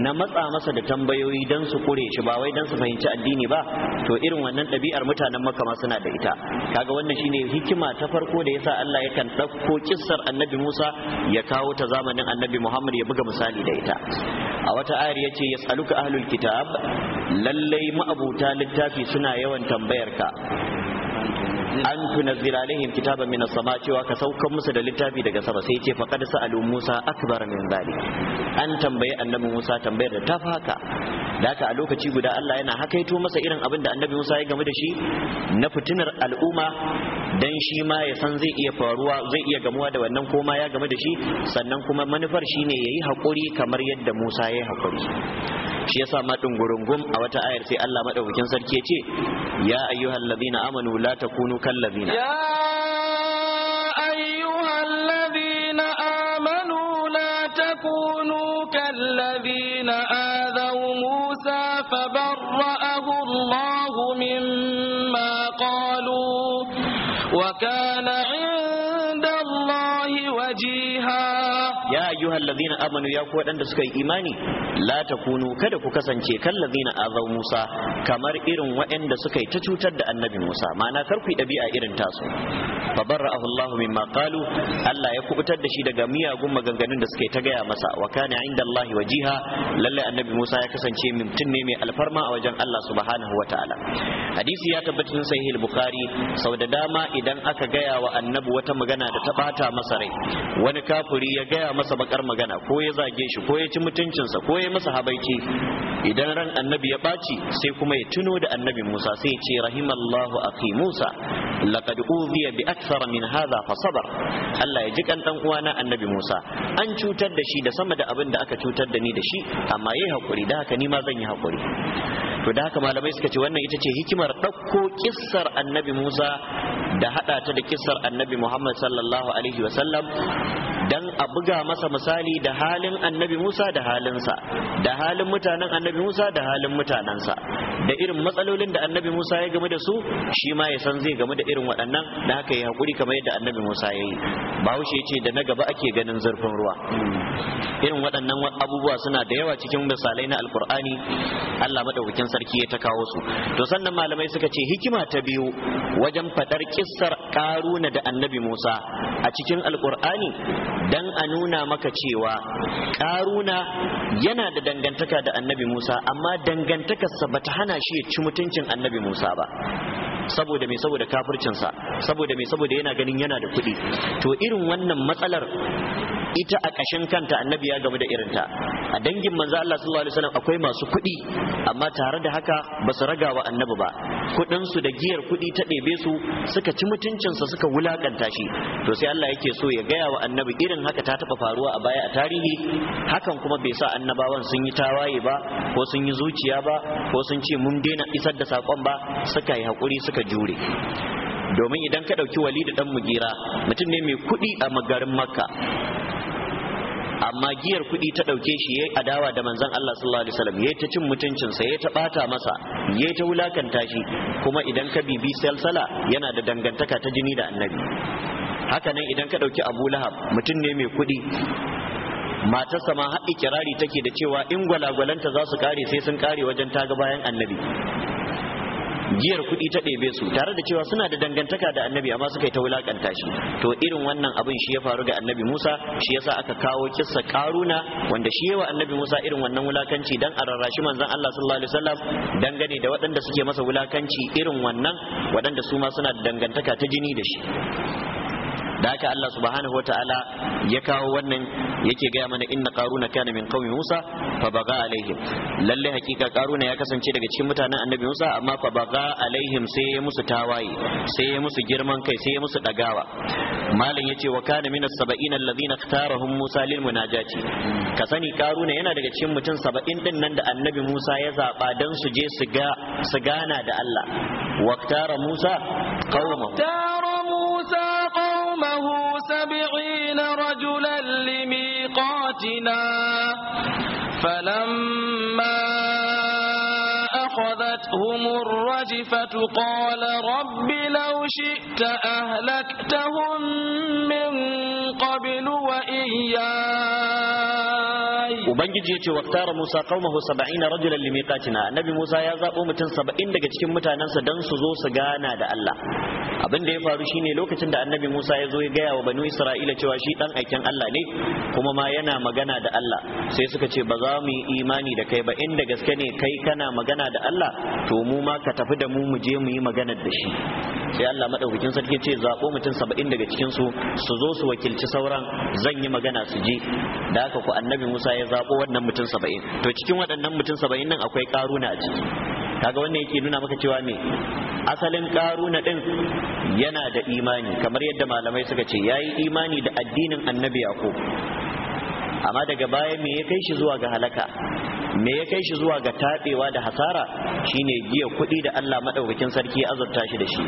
na matsa masa da tambayoyi dan su kure shi ba wai dan su fahimci addini ba to irin wannan dabi'ar mutanen Makka ma suna da ita kaga wannan shine hikima ta farko da yasa Allah yakan ɗauko kissar annabi Musa ya kawo ta zamanin annabi Muhammad ya buga misali da ita a wata ayar yace yas'aluka ahlul kitab lallai ma'abuta littafi suna yawan tambayar ka an tuna alaihim kitaba min sama cewa ka saukan musu da littafi daga sama sai ce faqad sa'alu Musa akbar min zalik an tambaye annabi Musa tambayar da tafi haka da aka a lokaci guda Allah yana hakaito masa irin abin da annabi Musa ya game da shi na fitinar al'umma dan shi ma ya san zai iya faruwa zai iya gamuwa da wannan koma ya gamu da shi sannan kuma manufar shi shine yayi hakuri kamar yadda Musa ya yi hakuri shi yasa ma gurungum a wata ayar sai Allah madaukakin sarki ya ce ya ayyuhal ladina amanu la takunu kal ladina amanu ya ku waɗanda suka yi imani la kunu kada ku kasance kallazina azau Musa kamar irin waɗanda suka yi ta cutar da annabi Musa ma'ana kar ku yi ɗabi'a irin tasu fa barra'ahu Allah mimma qalu Allah ya kubutar da shi daga miyagun maganganun da suka yi ta gaya masa wa kana inda wajiha lalle annabi Musa ya kasance mutum ne mai alfarma a wajen Allah subhanahu wa ta'ala hadisi ya tabbatar cikin sahih al-bukhari sau da dama idan aka gaya wa annabi wata magana da ta bata masa rai wani kafuri ya gaya masa bakar magana ko ya zage shi ko ya ci mutuncinsa ko ya masa habaici idan ran annabi ya ɓaci sai kuma ya tuno da annabi musa sai ya ce rahimallahu akhi musa laqad udhiya bi aksara min hadha fa sabar Allah ya ji kan ɗan uwana annabi musa an cutar da shi da sama da abin da aka cutar da ni da shi amma yayi haƙuri da haka ni ma zan yi hakuri to da haka malamai suka ce wannan ita ce hikimar ɗauko kissar annabi musa da haɗa ta da kissar annabi muhammad sallallahu alaihi sallam dan a buga masa misali da halin annabi Musa da halinsa da halin mutanen annabi Musa da halin mutanensa da irin matsalolin da annabi Musa ya game da su shi ma ya san zai game da irin waɗannan da haka ya haƙuri kamar yadda annabi Musa ya yi bahaushe ce da na gaba ake ganin zurfin ruwa irin waɗannan abubuwa suna da yawa cikin misalai na alkur'ani Allah madaukakin sarki ya ta kawo su to sannan malamai suka ce hikima ta biyu wajen faɗar kissar karuna da annabi Musa a cikin alkur'ani dan a nuna maka cewa karuna yana da dangantaka da annabi musa amma dangantakarsa ta hana shi ya ci mutuncin annabi musa ba saboda me saboda kafircinsa saboda me saboda yana ganin yana da kuɗi to irin wannan matsalar ita a ƙashin kanta annabi ya gamu da irinta a dangin manzo Allah sallallahu alaihi wasallam akwai masu kuɗi amma tare da haka ba su raga wa annabi ba kuɗin su da giyar kuɗi ta ɗebe su suka ci mutuncinsa suka wulakanta shi to sai Allah yake so ya gaya wa annabi irin haka ta taɓa faruwa a baya a tarihi hakan kuma bai sa annabawan sun yi tawaye ba ko sun yi zuciya ba ko sun ce mun daina isar da sakon ba suka yi haƙuri suka jure domin idan ka ɗauki walidi ɗan mugira mutum ne mai kuɗi a magarin makka amma giyar kuɗi ta ɗauke shi yayi adawa da manzon Allah sallallahu alaihi wasallam yayi ta cin mutuncinsa yayi ta bata masa yayi ta wulakanta shi kuma idan ka bibi salsala yana da dangantaka ta jini da annabi haka nan idan ka ɗauki Abu Lahab mutum ne mai kuɗi matarsa ma haɗi kirari take da cewa in gwalagwalanta za su kare sai sun kare wajen taga bayan annabi Jiyar kuɗi ta ɗebe su tare da cewa suna da dangantaka da annabi amma suka yi ta wulaƙanta shi to irin wannan abin shi ya faru da annabi Musa shi yasa aka kawo kisa karuna wanda shi yawa annabi Musa irin wannan wulakanci dan a rarrashi manzon Allah sallallahu alaihi wasallam dangane da waɗanda suke masa wulakanci irin wannan waɗanda su ma suna da dangantaka ta jini da shi da haka Allah subhanahu wataala ya kawo wannan yake gaya mana inna qaruna kana min qaumi Musa fa baga alaihim lalle hakika qaruna ya kasance daga cikin mutanen annabi Musa amma fa baga alaihim sai ya musu tawaye sai ya musu girman kai sai ya musu dagawa malam yace wa kana min as-sab'in alladhina ikhtarahum Musa lil munajati ka sani qaruna yana daga cikin mutum 70 din nan da annabi Musa ya zaba dan su je su ga su gana da Allah wa Musa qaumahu فلما أخذتهم الرجفة قال رب لو شئت أهلكتهم من قبل وإياك ubangiji ya yace waktara musa qaumahu 70 rajulan limiqatina annabi musa ya zabo mutum saba'in daga cikin mutanansa dan su zo su gana da Allah abin da ya faru shine lokacin da annabi musa ya zo ya gaya wa banu isra'ila cewa shi dan aikin Allah ne kuma ma yana magana da Allah sai suka ce ba za mu yi imani da kai ba inda gaske ne kai kana magana da Allah to mu ma ka tafi da mu mu je mu yi magana da shi sai Allah madaukakin sarki ce zabo mutum 70 daga cikin su su zo su wakilci sauran zan yi magana su je da haka ku annabi musa ya zaɓo wannan mutum saba'in to cikin waɗannan mutum saba'in nan akwai karuna a ciki kaga wannan yake nuna maka cewa me asalin karuna ɗin yana da imani kamar yadda malamai suka ce ya yi imani da addinin annabi yakub amma daga baya me ya kai shi zuwa ga halaka me ya kai shi zuwa ga taɓewa da hasara shine giya kuɗi da Allah maɗaukakin sarki azurta shi da shi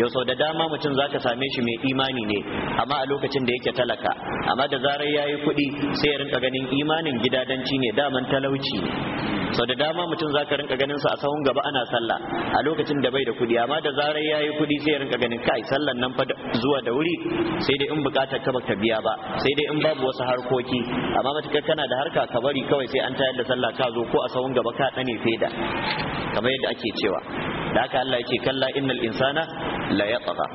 yau sau da dama mutum za ka same shi mai imani ne amma a lokacin da yake talaka amma da zarar ya yi kuɗi sai ya rinka ganin imanin gidadanci ne daman talauci ne sau da dama mutum za ka rinka ganin sa a sahun gaba ana sallah a lokacin da bai da kuɗi amma da zarar ya yi kuɗi sai ya rinka ganin kai sallan nan fa zuwa da wuri sai dai in bukatar ka baka biya ba sai dai in babu wasu harkoki amma matuƙar kana da harka ka bari kawai sai an tayar da sallah ka zo ko a sawun gaba ka dane faida kamar yadda ake cewa da haka Allah yake kalla innal insana la yatgha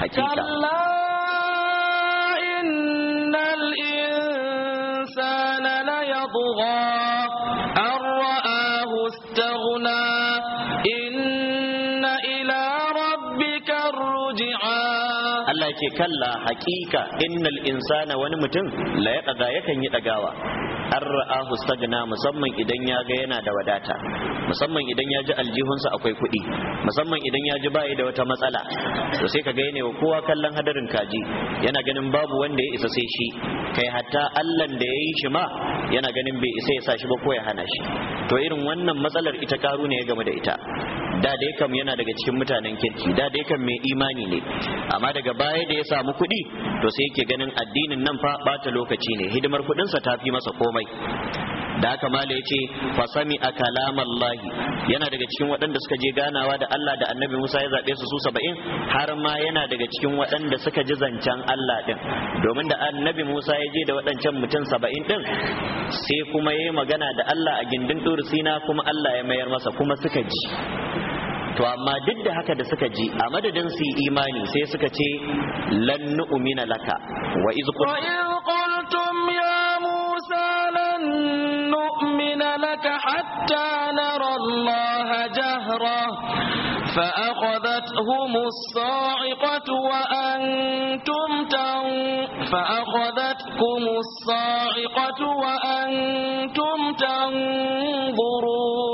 hakika kalla innal insana la yatgha ce kalla haƙiƙa innal insana wani mutum la ya ɗaga yakan yi ɗagawa an ra'ahu stagna musamman idan ya ga yana da wadata musamman idan ya ji aljihunsa akwai kuɗi musamman idan ya ji bayi da wata matsala to sai ka ga yana kowa kallon hadarin kaji yana ganin babu wanda ya isa sai shi kai hatta allan da ya yi shi ma yana ganin bai isa ya sa shi ba ko ya hana shi to irin wannan matsalar ita karu ne ya gamu da ita da dai kam yana daga cikin mutanen kirki da dai kam mai imani ne amma daga baya da ya samu kuɗi to sai yake ganin addinin nan fa bata lokaci ne hidimar kuɗinsa ta fi masa komai da haka mala yace fa sami a kalamallahi yana daga cikin waɗanda suka je ganawa da Allah da Annabi Musa ya zabe su su saba'in har ma yana daga cikin waɗanda suka ji zancen Allah din domin da Annabi Musa ya je da waɗancan mutum saba'in ɗin sai kuma yayi magana da Allah a gindin Sina kuma Allah ya mayar masa kuma suka ji to amma duk da haka da suka ji a madadin su imani sai suka ce lan nu'mina laka wa iz qultum ya musa lan nu'mina laka hatta nara Allah jahra فأخذتهم الصاعقة وأنتم تن فأخذتكم الصاعقة وأنتم تنظرون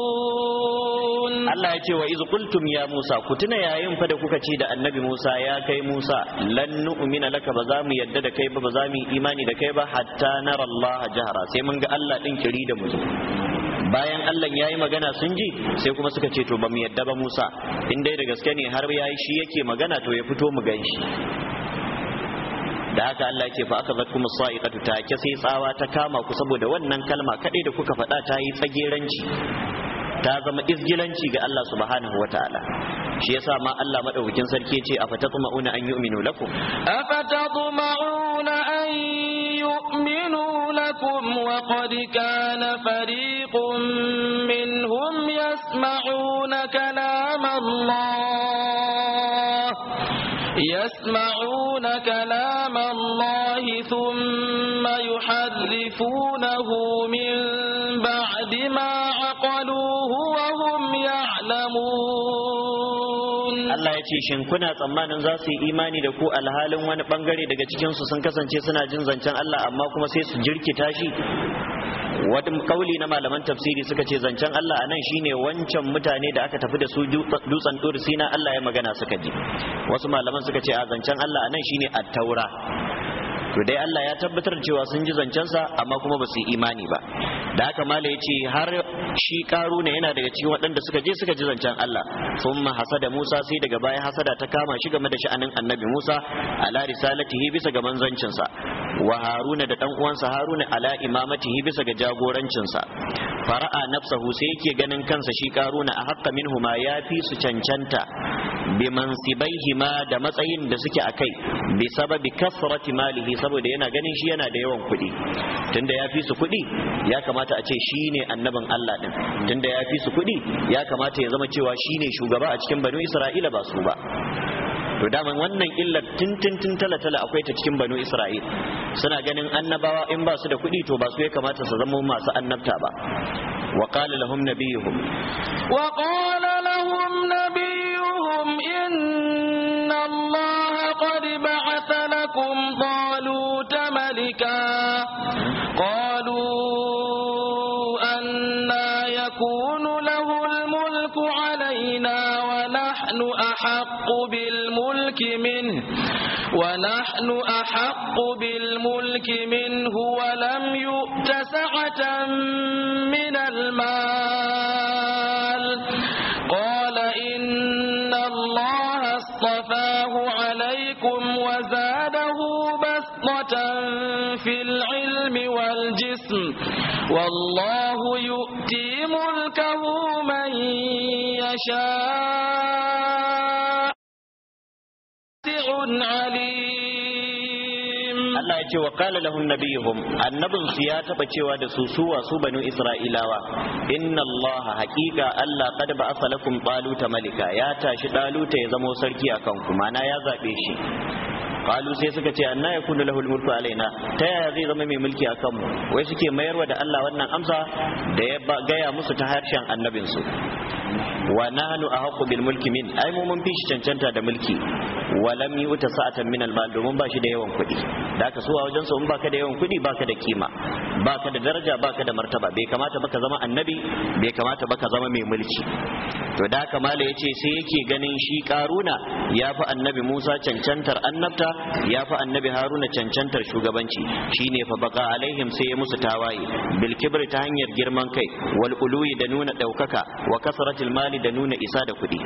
Allah ya ce wa iz qultum ya Musa ku tuna yayin fa da kuka ce da annabi Musa ya kai Musa lan nu'mina laka ba za mu yadda da kai ba ba za mu imani da kai ba hatta nara Allah jahra sai mun ga Allah din kiri da mu bayan Allah ya yi magana sun ji sai kuma suka ce to ba mu yadda ba Musa in dai da gaske ne har ya shi yake magana to ya fito mu gan da haka Allah ya ce fa aka zakku musa'iqatu ta ke sai tsawa ta kama ku saboda wannan kalma kadai da kuka faɗa ta yi tsageranci ta zama izgilanci ga Allah subhanahu wataala shi yasa ma Allah madaukakin sarki ce afatatma'una an yu'minu lakum afatatma'una an yu'minu lakum wa qad kana fariqun minhum yasma'una kalam Allah yasma'una kalam Allah thumma yuhadrifunahu min بعد ما Allah ya ce شن tsammanin za su yi imani da ku alhalin wani bangare daga cikin su sun kasance suna jin zancen Allah amma kuma sai su jirkita tashi wata kauli na malaman tafsiri suka ce zancen Allah a nan shine wancan mutane da aka tafi da su dutsen dursina Allah ya magana suka ji wasu malaman suka ce a zancen Allah a nan shine at-taura to dai Allah ya tabbatar cewa sun ji zancensa amma kuma ba su yi imani ba da haka mala ya ce har shi karu ne yana daga cikin waɗanda suka je suka ji zancen Allah thumma hasada Musa sai daga baya hasada ta kama shi game da sha'anin annabi Musa ala risalatihi bisa ga manzancinsa wa Haruna da ɗan uwansa Haruna ala imamatihi bisa ga jagorancinsa fara'a nafsahu sai yake ganin kansa shi karuna a min minhuma ya fi su cancanta hima da matsayin da suke a kai bi sababi kasrati malihi saboda yana ganin shi yana da yawan kuɗi tunda ya fi su kuɗi ya kamata a ce shi ne annabin Allah ɗin. tunda ya fi su kuɗi ya kamata ya zama cewa shi ne shugaba a cikin banu Isra'ila ba su ba to daman wannan illar tintintin tala akwai ta cikin banu isra'ila suna ganin annabawa in ba su da kuɗi to ba su ya kamata su zama masu annabta ba wa qala lahum nabiyuhum wa qala لهم إن الله قد بعث لكم قالوا تملكا قالوا أنا يكون له الملك علينا ونحن أحق بالملك منه ونحن أحق بالملك منه ولم يؤت سعة من المال رحمة في العلم والجسم والله يؤتي ملكه من يشاء عليم Allah ya ce wa kala lahun nabiyuhum annabin su ya taba cewa da su su wasu banu isra'ilawa inna Allah haqiqa Allah qad ba'atha lakum taluta malika ya tashi taluta ya zamo sarki akan ku mana ya zabe shi qalu sai suka ce anna yakunu lahul mulku alaina ta yaya zai zama mai mulki a kanmu wai suke mayarwa da Allah wannan amsa da ya gaya musu ta harshen annabinsu wa nahnu ahqu bil mulki min ai mu mun fi cancanta da mulki walam yuta sa'atan min almal domin ba shi da yawan kuɗi da aka so a wajen su in baka da yawan kuɗi baka da kima baka da daraja baka da martaba bai kamata baka zama annabi bai kamata baka zama mai mulki to da haka mala yace sai yake ganin shi karuna ya fi annabi Musa cancantar annabta ya fi annabi Haruna cancantar shugabanci shine fa baka alaihim sai ya musu tawaye bil kibri ta hanyar girman kai wal uluyi da nuna daukaka wa kasratil mali da nuna isa da kuɗi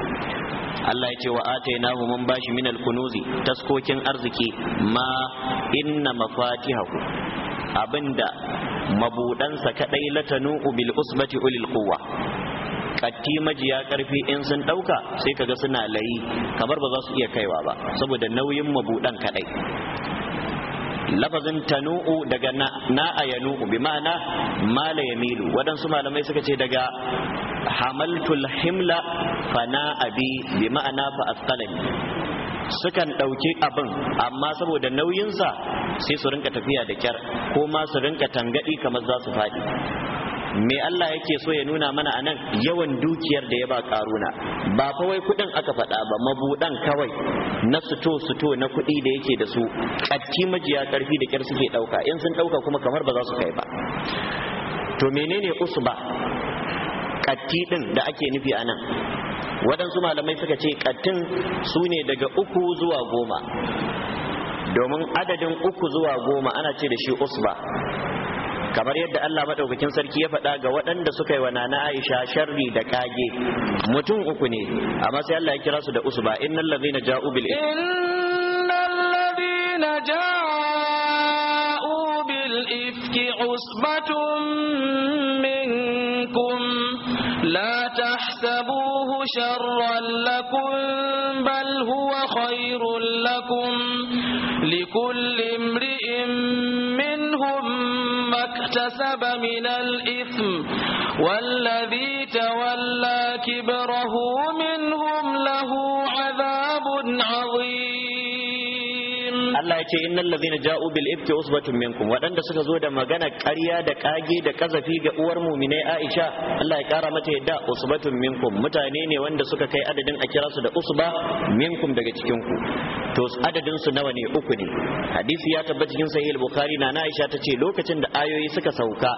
Allah ya ce wa atainahu mun bashi min al taskokin arziki ma inna mafatihahu abinda mabudansa kadai latanu bil usbati ulil quwwa katti majiya karfi in sun dauka sai kaga suna layi kamar ba za su iya kaiwa ba saboda nauyin mabudan kadai lafazin tanu'u daga na'a ya nu'u bi ma'ana mala ya milu waɗansu malamai suka ce daga hamaltul himla fa abi bi ma'ana fa asqalani sukan ɗauki abin amma saboda nauyinsa sai su rinka tafiya da kyar ko ma su rinka tangaɗi kamar za su faɗi me Allah yake so ya nuna mana anan yawan dukiyar da ya ba karuna ba fa wai kudin aka faɗa ba mabudan kawai na suto suto na kuɗi da yake da su ƙatti majiya ƙarfi da kyar suke ɗauka in sun ɗauka kuma kamar ba za su kai ba to menene usba ƙatti ɗin da ake nufi anan waɗansu malamai suka ce ƙattin su daga uku zuwa goma domin adadin uku zuwa goma ana ce da shi usba kamar yadda Allah madaukakin sarki ya faɗa ga waɗanda suka yi wa nana Aisha sharri da kage mutum uku ne amma sai Allah ya kira su da usba innal ladhina ja'u bil innal ladhina ja'u bil ifki usbatun شرا لكم بل هو خير لكم لكل امرئ منهم ما اكتسب من الإثم والذي تولى كبره منهم له عذاب عظيم Allah ya ce innal ladhina ja'u bil ifki usbatun minkum waɗanda suka zo da magana ƙarya da kage da kazafi ga uwar mu'mine Aisha Allah ya kara mata yadda usbatun minkum mutane ne wanda suka kai adadin a kira su da usba minkum daga cikin ku to adadin su nawa ne uku ne hadisi ya tabbata cikin sahih al-bukhari na Aisha ta ce lokacin da ayoyi suka sauka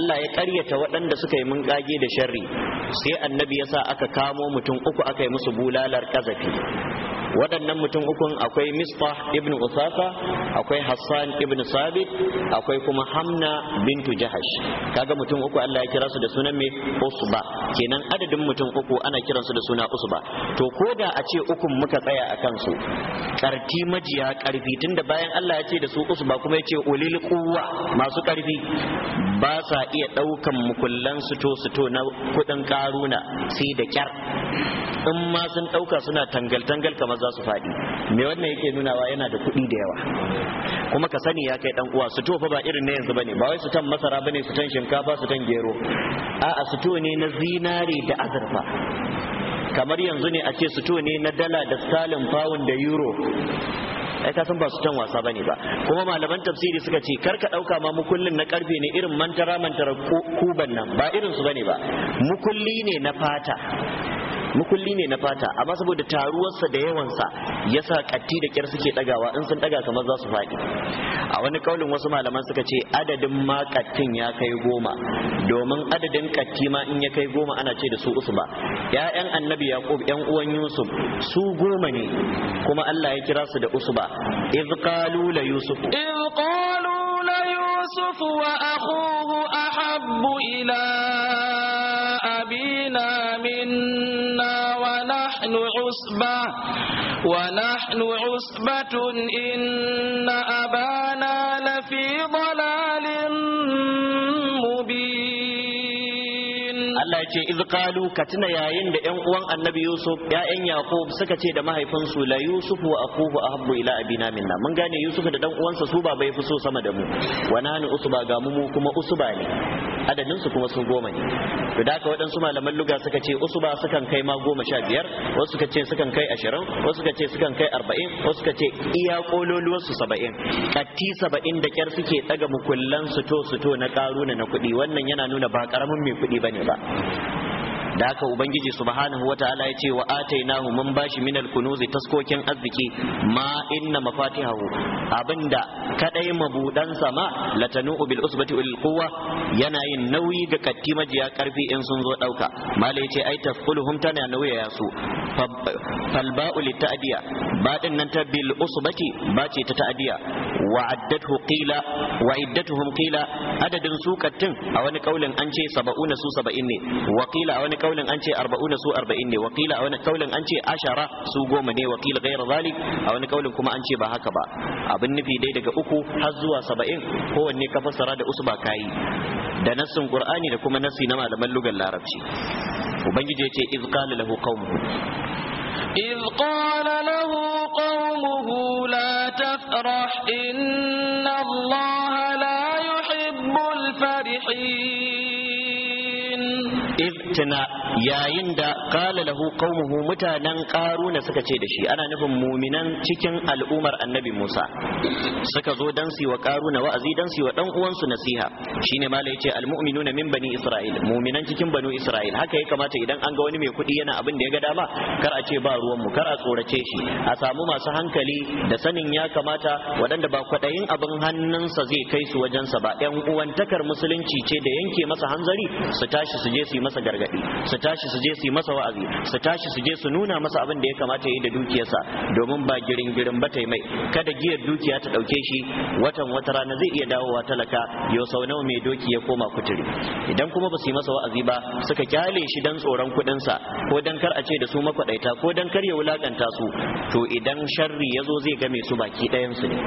Allah ya ƙaryata waɗanda suka yi mun ƙage da sharri sai annabi ya sa aka kamo mutum uku aka yi musu bulalar kazafi waɗannan mutum ukun akwai misbah ibn usafa akwai hassan ibn sabit akwai kuma hamna bintu jahash kaga mutum uku Allah ya kira su da sunan me usba kenan adadin mutum uku ana kiran su da suna usba to ko da a ce ukun muka tsaya a kansu karti majiya karfi tunda bayan Allah ya ce da su usba kuma ya ce ulil quwwa masu karfi ba sa iya ɗaukan mukullan suto suto na kuɗin karuna sai da kyar in ma sun ɗauka suna tangal tangal kamar za su faɗi me wannan yake nunawa yana da kuɗi da yawa kuma ka sani ya kai dan uwa su tofa ba irin na yanzu bane ba wai su tan masara bane su tan shinkafa su tan gero a'a su to ne na zinare da azurfa kamar yanzu ne a ce su to ne na dala da stalin pound da euro ai ka san ba su tan wasa bane ba kuma malaman tafsiri suka ce kar ka dauka ma mukullin na karfe ne irin mantara mantara kuban nan ba irin su bane ba mukulli ne na fata mukulli ne na fata amma saboda taruwarsa da yawansa ya sa katti da kyar suke dagawa in sun daga kamar za su faɗi a wani kaulin wasu malaman suka ce adadin ma kattin ya kai goma domin adadin katti ma in ya kai goma ana ce da su usba ya'yan annabi yaqub yan uwan yusuf su goma ne kuma Allah ya kira su da usba iz qalu la yusuf iz qalu la yusuf ila أبينا منا ونحن عصبة ونحن عصبة إن أبانا لفي ضلال ce izqalu katina yayin da yan uwan annabi yusuf ya'yan yaqub suka ce da mahaifinsu la yusuf wa akuhu ahabbu ila abina minna mun gane yusuf da dan uwansa su baba yafi so sama da mu wa nanu usba ga mu kuma usba ne adadin su kuma sun goma ne to da haka waɗansu malaman luga suka ce usba sukan kai ma goma sha biyar wasu suka ce sukan kai ashirin wasu suka ce sukan kai arba'in wasu suka ce iya kololuwarsu saba'in katti saba'in da kyar suke ɗaga mukullan su to su to na ƙaruna na kuɗi wannan yana nuna ba ƙaramin mai kuɗi bane ba da haka ubangiji subhanahu wataala ya ce wa atainahu mun bashi min alkunuzi taskokin arziki ma inna mafatihahu abinda kadai mabudan sama latanu bil usbati wal quwwa yana yin nauyi ga katti majiya karfi in sun zo dauka ya yace ai tafquluhum tana nauya ya su falba'u litadiya ba nan ta bil usbati ba ce ta ta'diya وعدته قيل وعدتهم قيل عدد سوكتين أو أن قول أنشي سبعون سو سبعين وقيل أو أن قول أنشي أربعون سو أربعين وقيل أو قول أنشي عشرة سو قومني وقيل غير ذلك أو قول كما أنشي بهكبا أبن نفي ديدك أكو حزوا سبعين هو أني كفسر هذا أسبا كاي da nassin qur'ani da kuma nassi na malaman lugar larabci ubangiji ya ce iz qala lahu qaumuhu iz qala lahu qaumuhu la وافرح إن الله لا يحب الفرحين إذ tuna yayin da kala lahu qaumuhu mutanen karuna suka ce da shi ana nufin muminan cikin al'umar annabi Musa suka zo dan su wa karuna wa'azi dan su wa dan uwansu nasiha shine malai yace almu'minuna min bani isra'il muminan cikin banu isra'il haka ya kamata idan an ga wani mai kuɗi yana abin da ya ga dama kar a ce ba ruwan mu kar a tsorace shi a samu masu hankali da sanin ya kamata waɗanda ba kwaɗayin abin hannunsa zai kai su wajensa ba yan uwantakar musulunci ce da yanke masa hanzari su tashi su je su yi masa gargaɗi gargadi su tashi su je su yi masa wa'azi su tashi su je su nuna masa abin da ya kamata yi da dukiyarsa domin ba girin girin ba mai kada giyar dukiya ta dauke shi watan wata rana zai iya dawowa talaka yau sau nawa mai doki ya koma kuturi idan kuma ba su yi masa wa'azi ba suka kyale shi dan tsoron kuɗin sa ko dan kar a ce da su makwadaita ko dan kar ya wulakanta su to idan sharri ya zo zai game su baki ɗayan su ne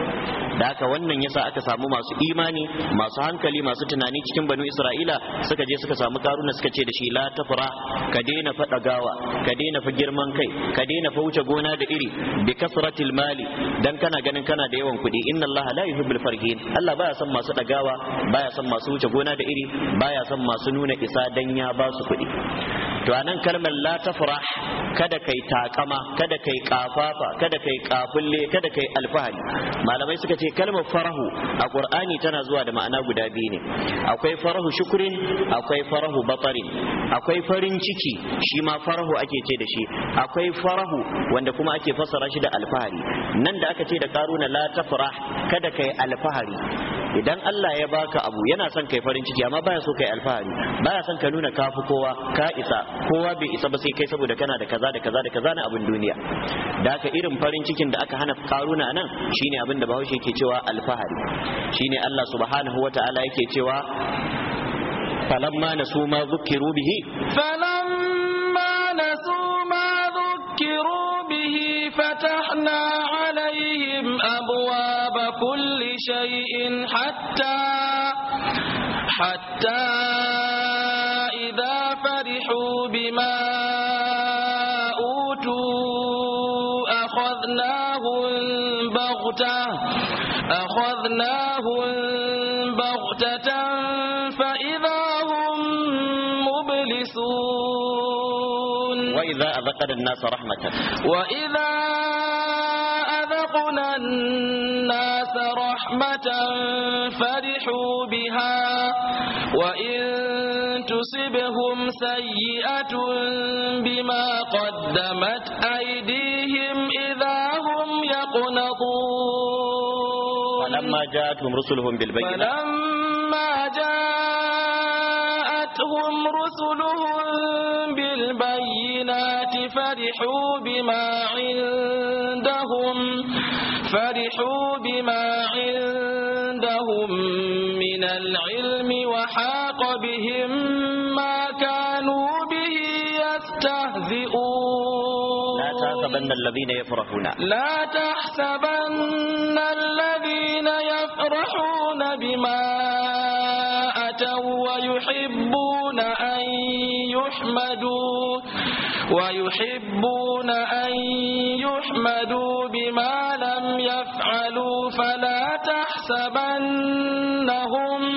da haka wannan yasa aka samu masu imani masu hankali masu tunani cikin banu isra'ila suka je suka samu karuna suka ce da shi la tafra ka daina fa dagawa ka daina fa girman kai ka daina fa wuce gona da iri bi kasratil mali dan kana ganin kana da yawan kuɗi inna Allah la yuhibbul farihin Allah baya son masu dagawa baya son masu wuce gona da iri baya son masu nuna isa dan ya ba su kuɗi to anan kalmar la tafrah kada kai takama kada kai kafafa kada kai kafulle kada kai alfahari malamai suka ce kalmar farahu a qur'ani tana zuwa da ma'ana guda biyu ne akwai farahu shukrin akwai farahu batarin akwai farin ciki shi ma farahu ake ce da shi akwai farahu wanda kuma ake fassara shi da alfahari nan da aka ce da karuna la tafrah kada kai alfahari idan Allah ya baka abu yana son kai farin ciki amma baya so kai alfahari baya son ka nuna kafi kowa ka isa kowa bai isa ba sai kai saboda kana da kaza da kaza da kaza na abin duniya da aka irin farin cikin da aka hana karuna nan shine abin da Bahaushe yake cewa alfahari shine Allah subhanahu wataala yake cewa falamma nasu ma zukiru bihi falamma nasu ma zukiru bihi fatahna alaihim abwaaba kulli شيء حتى حتى إذا فرحوا بما أوتوا أخذناهم بغتة أخذناهم بغتة فإذا هم مبلسون وإذا أذقنا الناس رحمة وإذا أذقنا الناس الناس رحمة فرحوا بها وإن تصبهم سيئة بما قدمت أيديهم إذا هم يقنطون فلما جاءتهم رسلهم بالبينات فلما جاءتهم رسلهم بالبينات فرحوا بما عندهم فرحوا بما عندهم من العلم وحاق بهم ما كانوا به يستهزئون لا تحسبن الذين يفرحون لا تحسبن الذين يفرحون بما أتوا ويحبون أن يحمدوا ويحبون أن يحمدوا بما لم يفعلوا فلا تحسبنهم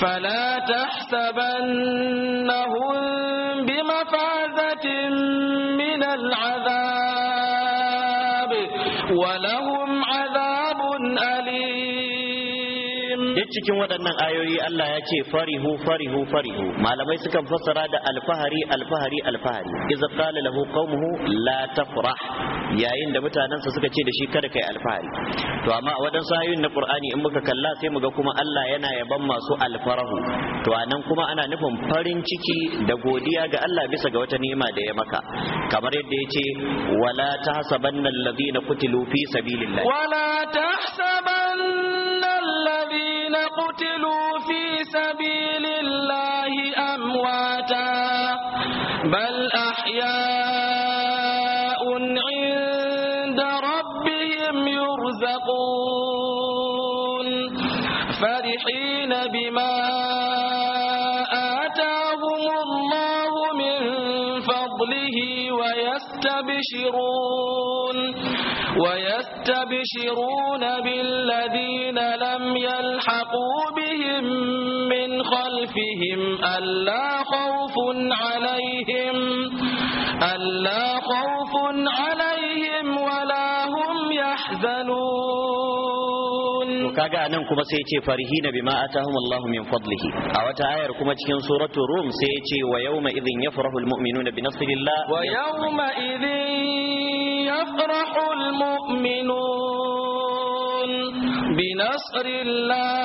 فلا تحسبنهم بمفازة من العذاب ولهم cikin waɗannan ayoyi Allah ya ce farihu farihu farihu malamai sukan fassara da alfahari alfahari alfahari idza qala lahu qaumuhu la tafrah yayin da mutanansa suka ce da shi kada kai alfahari to amma waɗansu ayoyin na Qur'ani in muka kalla sai mu ga kuma Allah yana yaban masu alfarahu to anan kuma ana nufin farin ciki da godiya ga Allah bisa ga wata ni'ima da ya maka kamar yadda ya ce wala tahsabanna alladhina qutilu fi sabilillah wala tahsabanna قتلوا في سبيل الله أمواتا بل أحياء عند ربهم يرزقون فرحين بما آتاهم الله من فضله ويرزقون ويستبشرون ويستبشرون بالذين لم يلحقوا بهم من خلفهم ألا خوف عليهم ألا خوف عليهم ولا هم يحزنون kaga anan kuma sai yace farihina bima atahum Allahu min fadlihi a wata ayar kuma cikin suratul rum sai yace wa yawma idhin yafrahu almu'minuna bi nasrillah wa yawma idhin yafrahu almu'minun bi nasrillah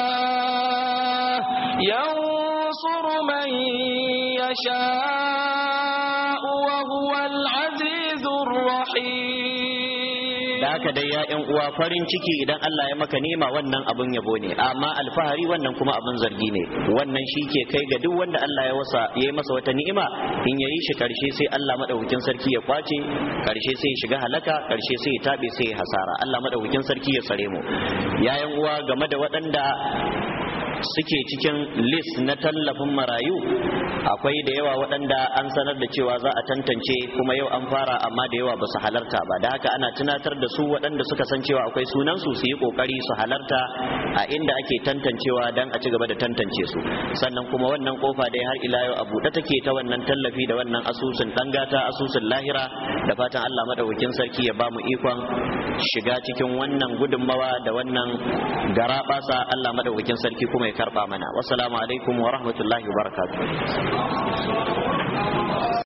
yansuru man yasha wa huwa alazizur rahim da haka dai ya yan uwa farin ciki idan Allah ya maka nema wannan abun yabo ne amma alfahari wannan kuma abun zargi ne wannan shi ke kai ga duk wanda Allah ya wasa yayi masa wata ni'ima in yayi shi karshe sai Allah madaukakin sarki ya kwace karshe sai ya shiga halaka karshe sai ya tabe sai ya hasara Allah madaukakin sarki ya tsare mu yayan uwa game da waɗanda suke cikin list na tallafin marayu akwai da yawa waɗanda an sanar da cewa za a tantance kuma yau an fara amma da yawa ba su halarta ba da haka ana tunatar da su waɗanda suka san cewa akwai sunansu su yi ƙoƙari su halarta a inda ake tantancewa don a ci gaba da tantance su sannan kuma wannan kofa dai har ila yau a buɗe take ta wannan tallafi da wannan asusun ɗangata asusun lahira da fatan Allah madaukakin sarki ya ba mu ikon shiga cikin wannan gudunmawa da wannan garaɓasa Allah madaukakin sarki kuma mai ya karba mana wasu alaikum wa rahmatullahi wa barakatuh